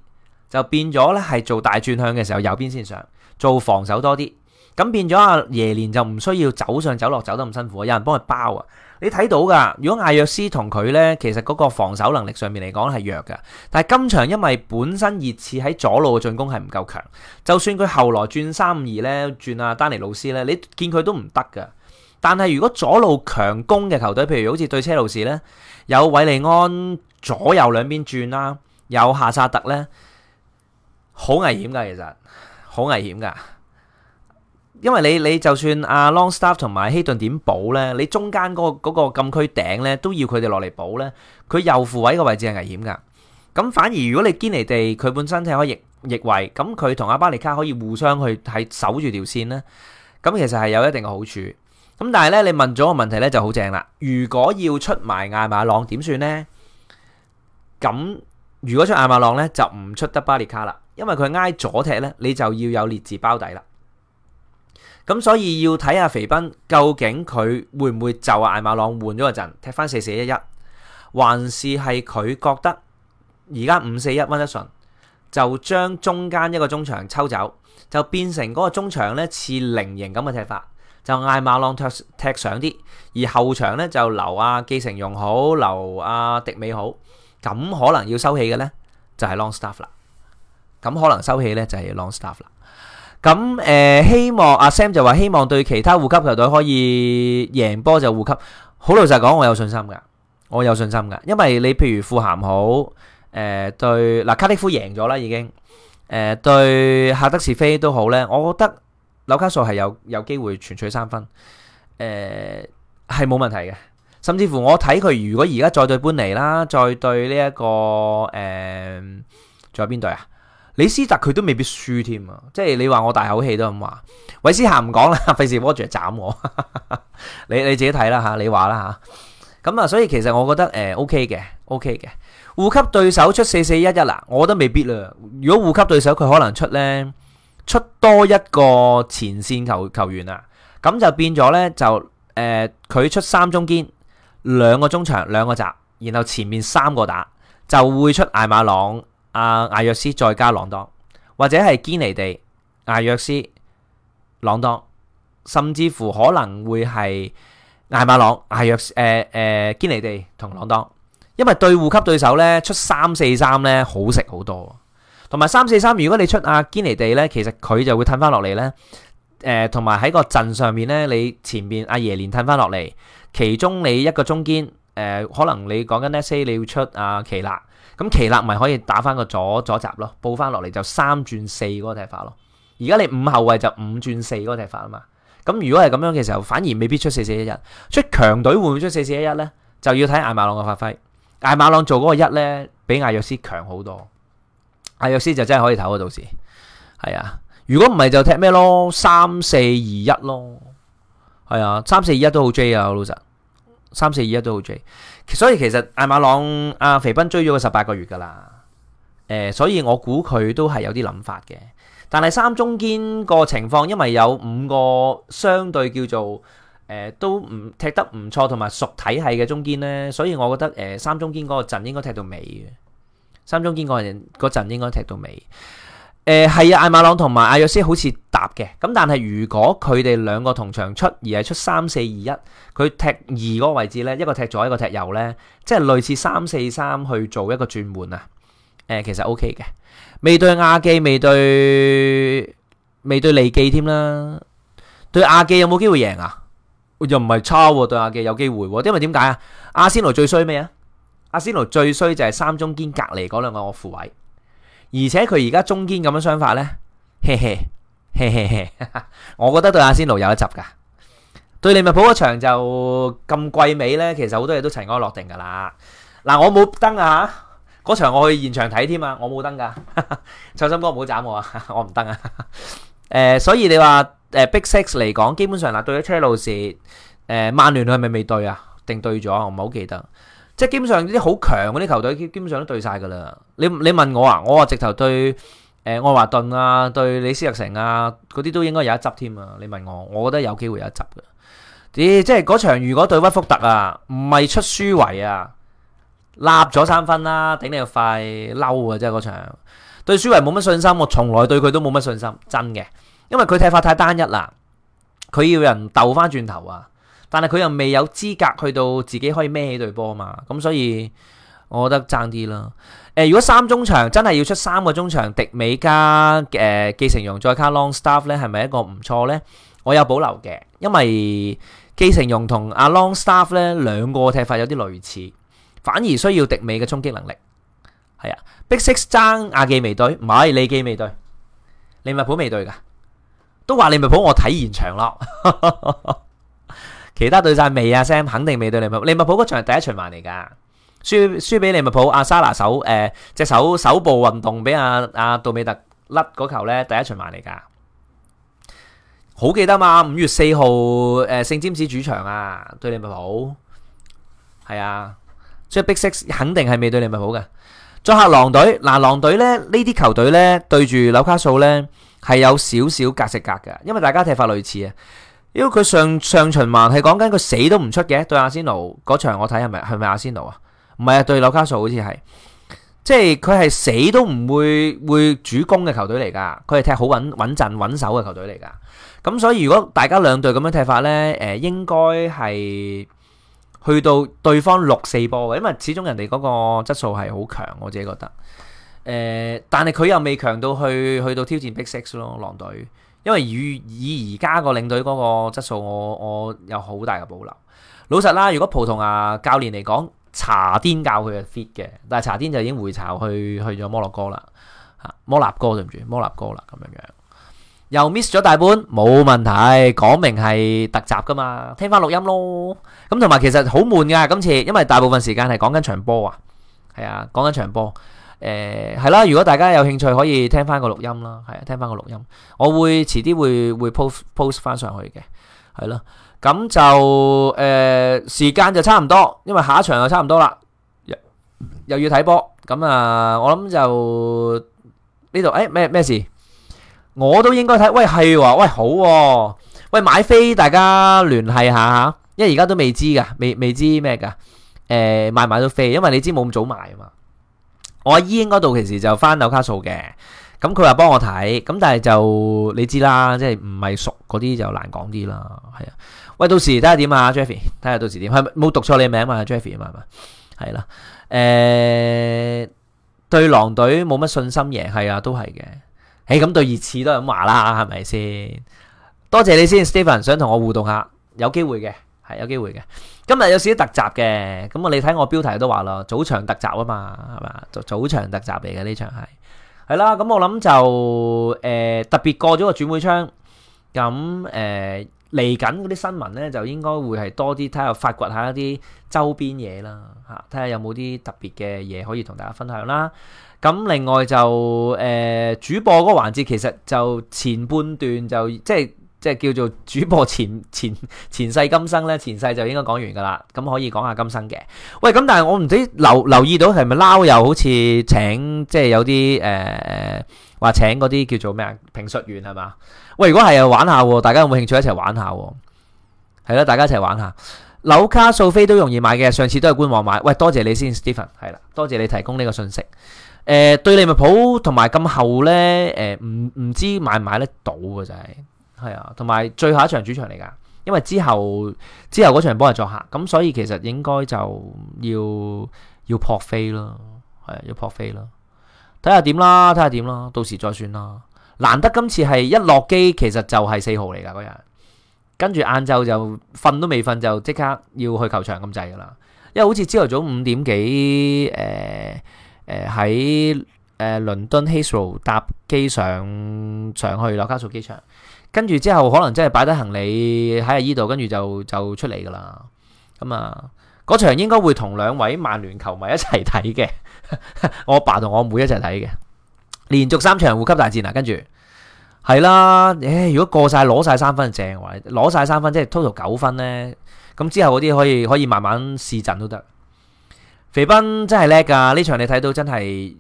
就變咗咧係做大轉向嘅時候，右邊先上，做防守多啲。咁變咗阿耶連就唔需要走上走落走得咁辛苦，有人幫佢包啊！你睇到噶，如果艾若斯同佢呢，其實嗰個防守能力上面嚟講係弱嘅。但係今場因為本身熱刺喺左路嘅進攻係唔夠強，就算佢後來轉三二呢，轉阿丹尼路斯呢，你見佢都唔得噶。但係如果左路強攻嘅球隊，譬如好似對車路士呢，有韋利安左右兩邊轉啦，有夏薩特呢，好危險噶，其實好危險噶。因為你你就算阿 Longstaff 同埋希頓點補咧，你中間嗰個嗰個禁區頂咧都要佢哋落嚟補咧。佢右副位個位置係危險噶。咁反而如果你堅尼地佢本身踢可以翼翼位，咁佢同阿巴列卡可以互相去睇守住條線咧。咁其實係有一定嘅好處。咁但係咧，你問咗個問題咧就好正啦。如果要出埋艾馬朗點算咧？咁如果出艾馬朗咧，就唔出得巴列卡啦，因為佢挨左踢咧，你就要有列字包底啦。咁所以要睇下肥斌究竟佢會唔會就阿艾馬朗換咗個陣，踢翻，四四一一，還是係佢覺得而家五四一溫德順，就將中間一個中場抽走，就變成嗰個中場咧似菱形咁嘅踢法，就艾馬朗踢踢上啲，而後場咧就留阿、啊、奇誠庸好，留阿、啊、迪美好，咁可能要收起嘅咧就係、是、Longstaff 啦，咁可能收起咧就係、是、Longstaff 啦。咁誒，希望阿 Sam 就話，希望對其他護級球隊可以贏波就護級。好老實講，我有信心噶，我有信心噶。因為你譬如富咸好，誒對嗱，卡迪夫贏咗啦已經，誒對夏德士菲都好咧。我覺得紐卡素係有有機會全取三分，誒係冇問題嘅。甚至乎我睇佢如果而家再對般尼啦，再對呢一個誒，仲有邊隊啊？李斯特佢都未必輸添啊！即係你話我大口氣都咁話，韋斯咸唔講啦，費事 Roger 斬我。你你自己睇啦嚇，你話啦嚇。咁啊，所以其實我覺得誒、呃、OK 嘅，OK 嘅。護級對手出四四一一啦，我都未必啦。如果護級對手佢可能出呢，出多一個前線球球員啊，咁就變咗呢，就誒佢、呃、出三中堅，兩個中場，兩個閘，然後前面三個打就會出艾馬朗。啊、阿艾約斯再加朗當，或者係堅尼地、艾、啊、約斯、朗當，甚至乎可能會係艾馬朗、艾約誒誒堅尼地同朗當，因為對護級對手咧出三四三咧好食好多，同埋三四三如果你出阿、啊、堅尼地咧，其實佢就會褪翻落嚟咧，誒同埋喺個陣上面咧，你前邊阿、啊、耶連褪翻落嚟，其中你一個中堅誒、呃、可能你講緊 S A 你要出阿、啊、奇納。咁奇勒咪可以打翻個左左閘咯，報翻落嚟就三轉四嗰個踢法咯。而家你五後衛就五轉四嗰個踢法啊嘛。咁如果係咁樣嘅時候，反而未必出四四一一，出強隊會唔會出四四一一呢？就要睇艾馬朗嘅發揮。艾馬朗做嗰個一呢，比艾若斯強好多。艾若斯就真係可以投啊，到時係啊。如果唔係就踢咩咯？三四二一咯，係啊，三四二一都好 J 啊，老實。三四二一都好追，所以其實艾瑪朗阿、啊、肥斌追咗個十八個月噶啦，誒、呃，所以我估佢都係有啲諗法嘅。但係三中堅個情況，因為有五個相對叫做誒、呃，都唔踢得唔錯，同埋熟體系嘅中堅咧，所以我覺得誒、呃，三中堅嗰個陣應該踢到尾嘅，三中堅個嗰陣應該踢到尾。三中堅誒，係啊、呃，艾馬朗同埋阿約斯好似搭嘅，咁但係如果佢哋兩個同場出而係出三四二一，佢踢二嗰個位置呢，一個踢左一個踢右呢，即係類似三四三去做一個轉換啊。其實 O K 嘅，未對亞記，未對未對利記添啦。對亞記有冇機會贏啊？又唔係差喎，對亞記有機會，因為點解啊？阿仙奴最衰咩啊？阿仙奴最衰就係三中堅隔離嗰兩個副位。而且佢而家中間咁樣想法呢，嘿嘿嘿嘿嘿，我覺得對阿仙奴有一集噶，對利物浦嗰場就咁貴美呢，其實好多嘢都塵埃落定噶啦。嗱，我冇登啊，嗰場我去現場睇添啊，我冇登噶， 秋心哥唔好斬我啊， 我唔登啊。誒、 呃，所以你話誒、呃、Big Six 嚟講，基本上啦、啊，對咗車路士，誒曼聯係咪未對啊？定對咗？我唔係好記得。即係基本上啲好強嗰啲球隊，基基本上都對晒㗎啦。你你問我啊，我話直頭對誒愛華頓啊，對李斯特城啊，嗰啲都應該有一執添啊。你問我，我覺得有機會有一執嘅。即係嗰場如果對屈福特啊，唔係出舒維啊，立咗三分啦、啊，頂你個肺，嬲啊！即係嗰場對舒維冇乜信心，我從來對佢都冇乜信心，真嘅，因為佢踢法太單一啦，佢要人鬥翻轉頭啊。但係佢又未有資格去到自己可以孭起隊波嘛，咁所以我覺得爭啲啦。誒、呃，如果三中場真係要出三個中場，迪美加誒紀、呃、成容再加 Long Staff 咧，係咪一個唔錯咧？我有保留嘅，因為紀成容同阿 Long Staff 咧兩個踢法有啲類似，反而需要迪美嘅衝擊能力。係啊，Big Six 爭阿記美隊，唔係李記美隊，利物浦美隊噶，都話你利物浦，我睇現場咯。 其他對曬未啊 Sam，肯定未對利物浦。利物浦嗰場係第一場慢嚟㗎，輸輸俾利物浦。阿莎拿手誒隻、呃、手手部運動俾阿阿杜美特甩嗰球咧，第一場慢嚟㗎。好記得嘛，五月四號誒聖詹士主場啊，對利物浦係啊，所以碧 i 肯定係未對利物浦嘅。再客狼隊嗱、呃，狼隊咧呢啲球隊咧對住紐卡素咧係有少少格式格嘅，因為大家踢法類似啊。因為佢上上循環係講緊佢死都唔出嘅，對阿仙奴嗰場我睇係咪係咪阿仙奴啊？唔係啊，對紐卡素好似係，即係佢係死都唔會會主攻嘅球隊嚟噶，佢係踢好穩穩陣穩守嘅球隊嚟噶。咁所以如果大家兩隊咁樣踢法呢，誒、呃，應該係去到對方六四波，因為始終人哋嗰個質素係好強，我自己覺得。誒、呃，但係佢又未強到去去到挑戰 big six 咯，狼隊。因為以以而家個領隊嗰個質素我，我我有好大嘅保留。老實啦，如果葡萄牙教練嚟講，查天教佢係 fit 嘅，但係查天就已經回巢去去咗摩洛哥啦。吓，摩納哥對唔住，摩納哥啦咁樣樣，又 miss 咗大本。冇問題，講明係突襲噶嘛。聽翻錄音咯。咁同埋其實好悶噶，今次因為大部分時間係講緊場波啊，係啊，講緊場波。誒，係啦，如果大家有興趣可以聽翻個錄音啦，係啊，聽翻個錄音，我會遲啲會會 post post 翻上去嘅，係咯，咁就誒時間就差唔多，因為下一場就差唔多啦，又要睇波。咁啊，我諗就呢度誒咩咩事，我都應該睇，喂係喎，喂好喎，喂買飛大家聯繫下吓，因為而家都未知噶，未未知咩噶，誒買唔買到飛，因為你知冇咁早買啊嘛。我阿姨應該到時就翻紐卡素嘅，咁佢話幫我睇，咁但係就你知啦，即係唔係熟嗰啲就難講啲啦，係啊。喂，到時睇下點啊，Jeffy，睇下到時點，係冇讀錯你名啊 Jeffy 嘛，係嘛？係啦，誒、欸，對狼隊冇乜信心贏，係啊，都係嘅。誒、欸，咁對熱刺都咁話啦，係咪先？多謝你先，Stephen，想同我互動下，有機會嘅，係有機會嘅。今日有少少特集嘅，咁啊你睇我標題都話咯，早場特集啊嘛，係嘛？早早場特集嚟嘅，呢場係，係啦，咁我諗就誒特別過咗個轉會窗，咁誒嚟緊嗰啲新聞咧就應該會係多啲，睇下發掘下一啲周邊嘢啦，吓，睇下有冇啲特別嘅嘢可以同大家分享啦。咁另外就誒主播嗰個環節，其實就前半段就即係。即係叫做主播前前前世今生咧，前世就應該講完噶啦，咁可以講下今生嘅。喂，咁但係我唔知留留意到係咪撈又好似請即係有啲誒誒，話、呃、請嗰啲叫做咩啊評述員係嘛？喂，如果係啊，玩下，大家有冇興趣一齊玩下？係、嗯、啦，大家一齊玩下。紐卡素飛都容易買嘅，上次都係官網買。喂，多謝你先，Stephen 係啦，多謝你提供呢個信息。誒、呃，對利物浦同埋咁厚咧，誒、呃，唔唔知買唔買得到嘅真係。就是係啊，同埋最後一場主場嚟噶，因為之後之後嗰場波係作客，咁所以其實應該就要要撲飛咯，係啊要撲飛咯。睇下點啦，睇下點啦，到時再算啦。難得今次係一落機，其實就係四號嚟噶嗰日，跟住晏晝就瞓都未瞓，就即刻要去球場咁滯噶啦。因為好似朝頭早五點幾，誒誒喺誒倫敦希斯路搭機上上去紐卡素機場。跟住之後可能真係擺低行李喺阿依度，跟住就就出嚟噶啦。咁啊，嗰場應該會同兩位曼聯球迷一齊睇嘅， 我爸同我妹一齊睇嘅。連續三場互級大戰啊，跟住係啦。誒、哎，如果過晒攞晒三分正話，攞晒三分即係 total 九分呢。咁之後嗰啲可以可以慢慢試陣都得。肥斌真係叻噶，呢場你睇到真係，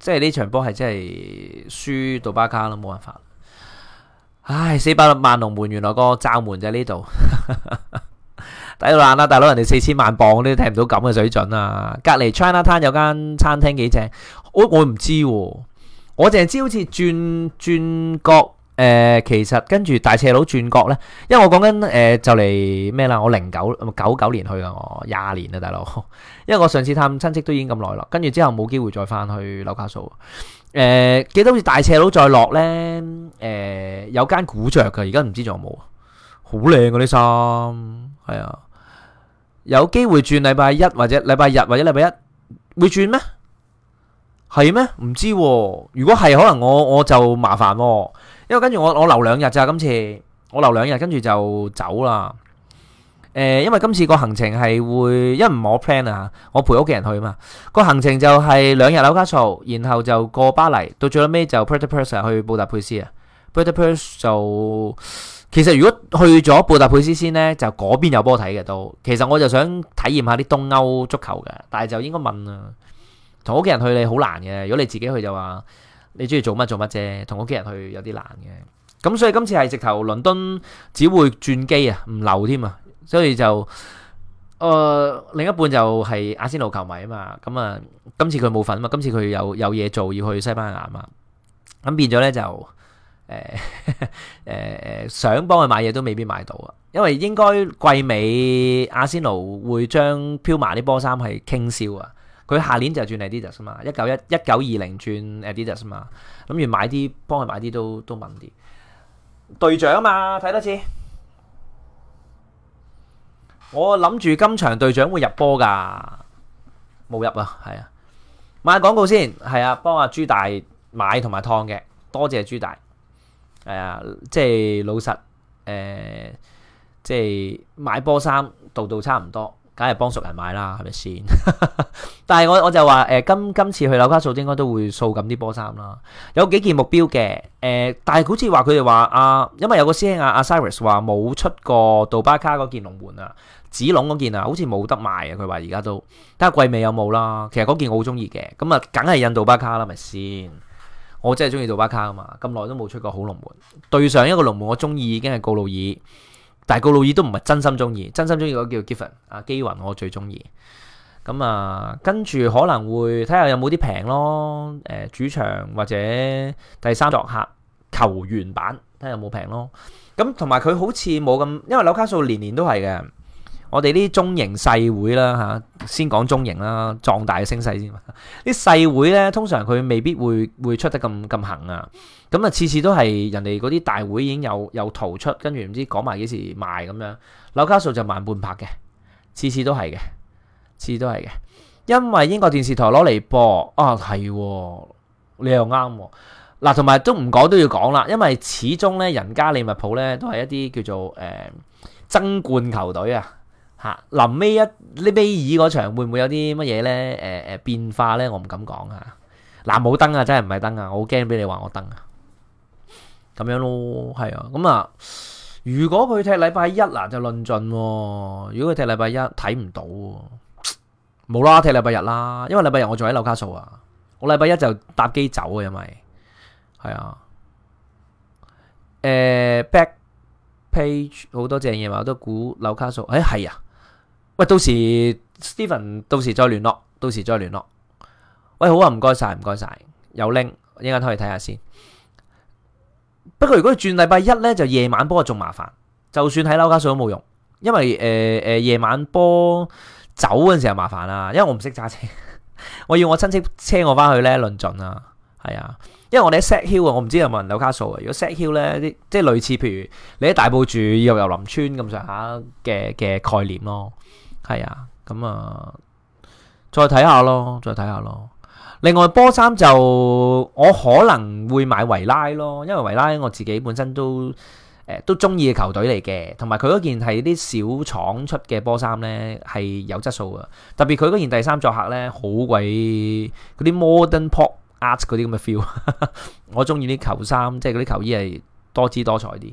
即係呢場波係真係輸杜巴卡啦，冇辦法。唉，四百萬龍門原來個罩門就喺呢度，抵到爛啦！大佬，人哋四千萬磅，你都聽唔到咁嘅水準啊！隔籬 China Town 有間餐廳幾正，我我唔知喎，我淨係知、啊、知好似轉轉角，誒、呃，其實跟住大斜佬轉角咧，因為我講緊誒就嚟咩啦，我零九九九年去噶，我廿年啦，大佬，因為我上次探親戚都已經咁耐啦，跟住之後冇機會再翻去碌卡數。誒、呃，記得好似大斜佬再落呢？誒、呃、有間古着嘅，而家唔知仲有冇啊，好靚嗰啲衫，係啊，有機會轉禮拜一或者禮拜日或者禮拜一會轉咩？係咩？唔知，啊，如果係可能我我就麻煩，啊，因為跟住我我留兩日咋，今次我留兩日跟住就走啦。誒，因為今次個行程係會，因為唔係我 plan 啊，我陪屋企人去啊嘛。個行程就係兩日紐卡素，然後就過巴黎到最尾就 Prater Pers 去布達佩斯啊。Prater Pers 就其實如果去咗布達佩斯先呢，就嗰邊有波睇嘅都。其實我就想體驗下啲東歐足球嘅，但係就應該問啊。同屋企人去你好難嘅，如果你自己去就話你中意做乜做乜啫。同屋企人去有啲難嘅，咁所以今次係直頭倫敦只會轉機啊，唔留添啊。所以就，誒、呃、另一半就係阿仙奴球迷啊嘛，咁啊，今次佢冇份嘛，今次佢有有嘢做，要去西班牙嘛，咁、嗯、變咗咧就，誒、呃、誒、呃、想幫佢買嘢都未必買到啊，因為應該季尾阿仙奴會將飄馬啲波衫係傾銷啊，佢下年就轉 Adidas 嘛，一九一一九二零轉 Adidas 嘛，諗住買啲幫佢買啲都都問啲，隊長嘛，睇多次。我諗住今場隊長會入波噶，冇入啊，係啊，買廣告先，係啊，幫阿、啊、朱大買同埋燙嘅，多謝朱大，係啊，即係老實，誒、呃，即係買波衫度度差唔多，梗係幫熟人買啦，係咪先？ 但係我我就話，誒、呃，今今次去紐卡素，應該都會掃緊啲波衫啦，有幾件目標嘅，誒、呃，但係好似話佢哋話阿，因為有個師兄阿阿 Siris 話冇出過杜巴卡嗰件龍門啊。子龍嗰件啊，好似冇得賣啊！佢話而家都睇下季尾有冇啦。其實嗰件我好中意嘅，咁啊，梗係印杜巴卡啦，咪先？我真係中意杜巴卡啊嘛，咁耐都冇出過好龍門。對上一個龍門我，我中意已經係告路爾，但係告路爾都唔係真心中意，真心中意嗰個叫 Given 啊，基雲我最中意。咁啊，跟住可能會睇下有冇啲平咯，誒、呃、主場或者第三作客球員版睇下有冇平咯。咁同埋佢好似冇咁，因為紐卡素年年，年都係嘅。我哋啲中型細會啦嚇，先講中型啦，壯大嘅聲勢先。啲細會咧，通常佢未必會會出得咁咁行啊。咁啊，次次都係人哋嗰啲大會已經有有圖出，跟住唔知講埋幾時賣咁樣。紐卡素就慢半拍嘅，次次都係嘅，次次都係嘅。因為英國電視台攞嚟播啊，係喎、啊，你又啱喎。嗱，同埋都唔講都要講啦，因為始終咧，人家利物浦咧都係一啲叫做誒呃、爭冠球隊啊。嚇，臨尾一呢尾二嗰場會唔會有啲乜嘢咧？誒、呃、誒變化咧？我唔敢講嚇。嗱、啊、冇燈啊，真係唔係燈啊！我好驚俾你話我燈啊。咁樣咯，係啊。咁啊，如果佢踢禮拜一嗱就論盡喎、啊。如果佢踢禮拜一睇唔到，冇啦，踢禮拜日啦。因為禮拜日我仲喺紐卡素啊。我禮拜一就搭機走啊，因為係啊。誒，back page 好多正嘢嘛，我都估紐卡素。誒、哎、係啊。喂，到時 Steven 到時再聯絡，到時再聯絡。喂，好啊，唔該晒，唔該晒。有拎，一陣間可以睇下先。不過如果佢轉禮拜一咧，就夜晚波仲麻煩。就算喺紐卡素都冇用，因為誒誒夜晚波走嗰陣時候麻煩啦，因為我唔識揸車， 我要我親戚車我翻去咧，論盡啊，係啊。因為我哋喺 Set Hill 啊，我唔知有冇人喺紐卡素啊。如果 Set Hill 咧，即係類似譬如你喺大埔住又由林村咁上下嘅嘅概念咯。係啊，咁、嗯、啊，再睇下咯，再睇下咯。另外波衫就我可能會買維拉咯，因為維拉我自己本身都誒、呃、都中意嘅球隊嚟嘅，同埋佢嗰件係啲小廠出嘅波衫咧係有質素啊，特別佢嗰件第三作客咧好鬼嗰啲 modern pop art 嗰啲咁嘅 feel，我中意啲球衫，即係嗰啲球衣係多姿多彩啲。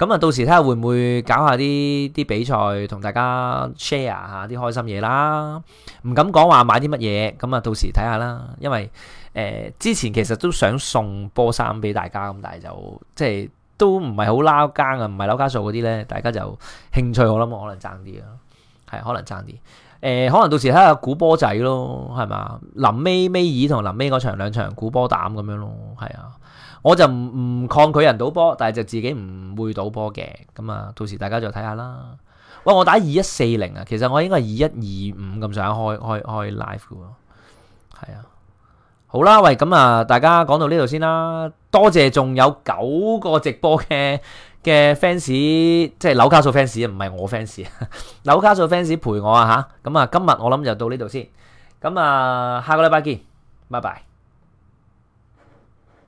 咁啊，到時睇下會唔會搞下啲啲比賽，同大家 share 下啲開心嘢啦。唔敢講話買啲乜嘢，咁啊到時睇下啦。因為誒、呃、之前其實都想送波衫俾大家，咁但係就即係都唔係好撈家啊，唔係撈家數嗰啲咧，大家就興趣我諗可能爭啲咯，係可能爭啲。誒、呃、可能到時睇下估波仔咯，係嘛？臨尾尾二同臨尾嗰場兩場估波膽咁樣咯，係啊。我就唔唔抗拒人賭波，但係就自己唔會賭波嘅，咁啊，到時大家就睇下啦。喂，我打二一四零啊，其實我應該係二一二五咁想下開開開 live 嘅喎。係啊，好啦，喂，咁啊，大家講到呢度先啦，多謝仲有九個直播嘅嘅 fans，即係紐卡素 fans，唔係我 fans， 紐卡素 fans 陪我啊吓。咁啊，今日我諗就到呢度先，咁啊，下個禮拜見，拜拜。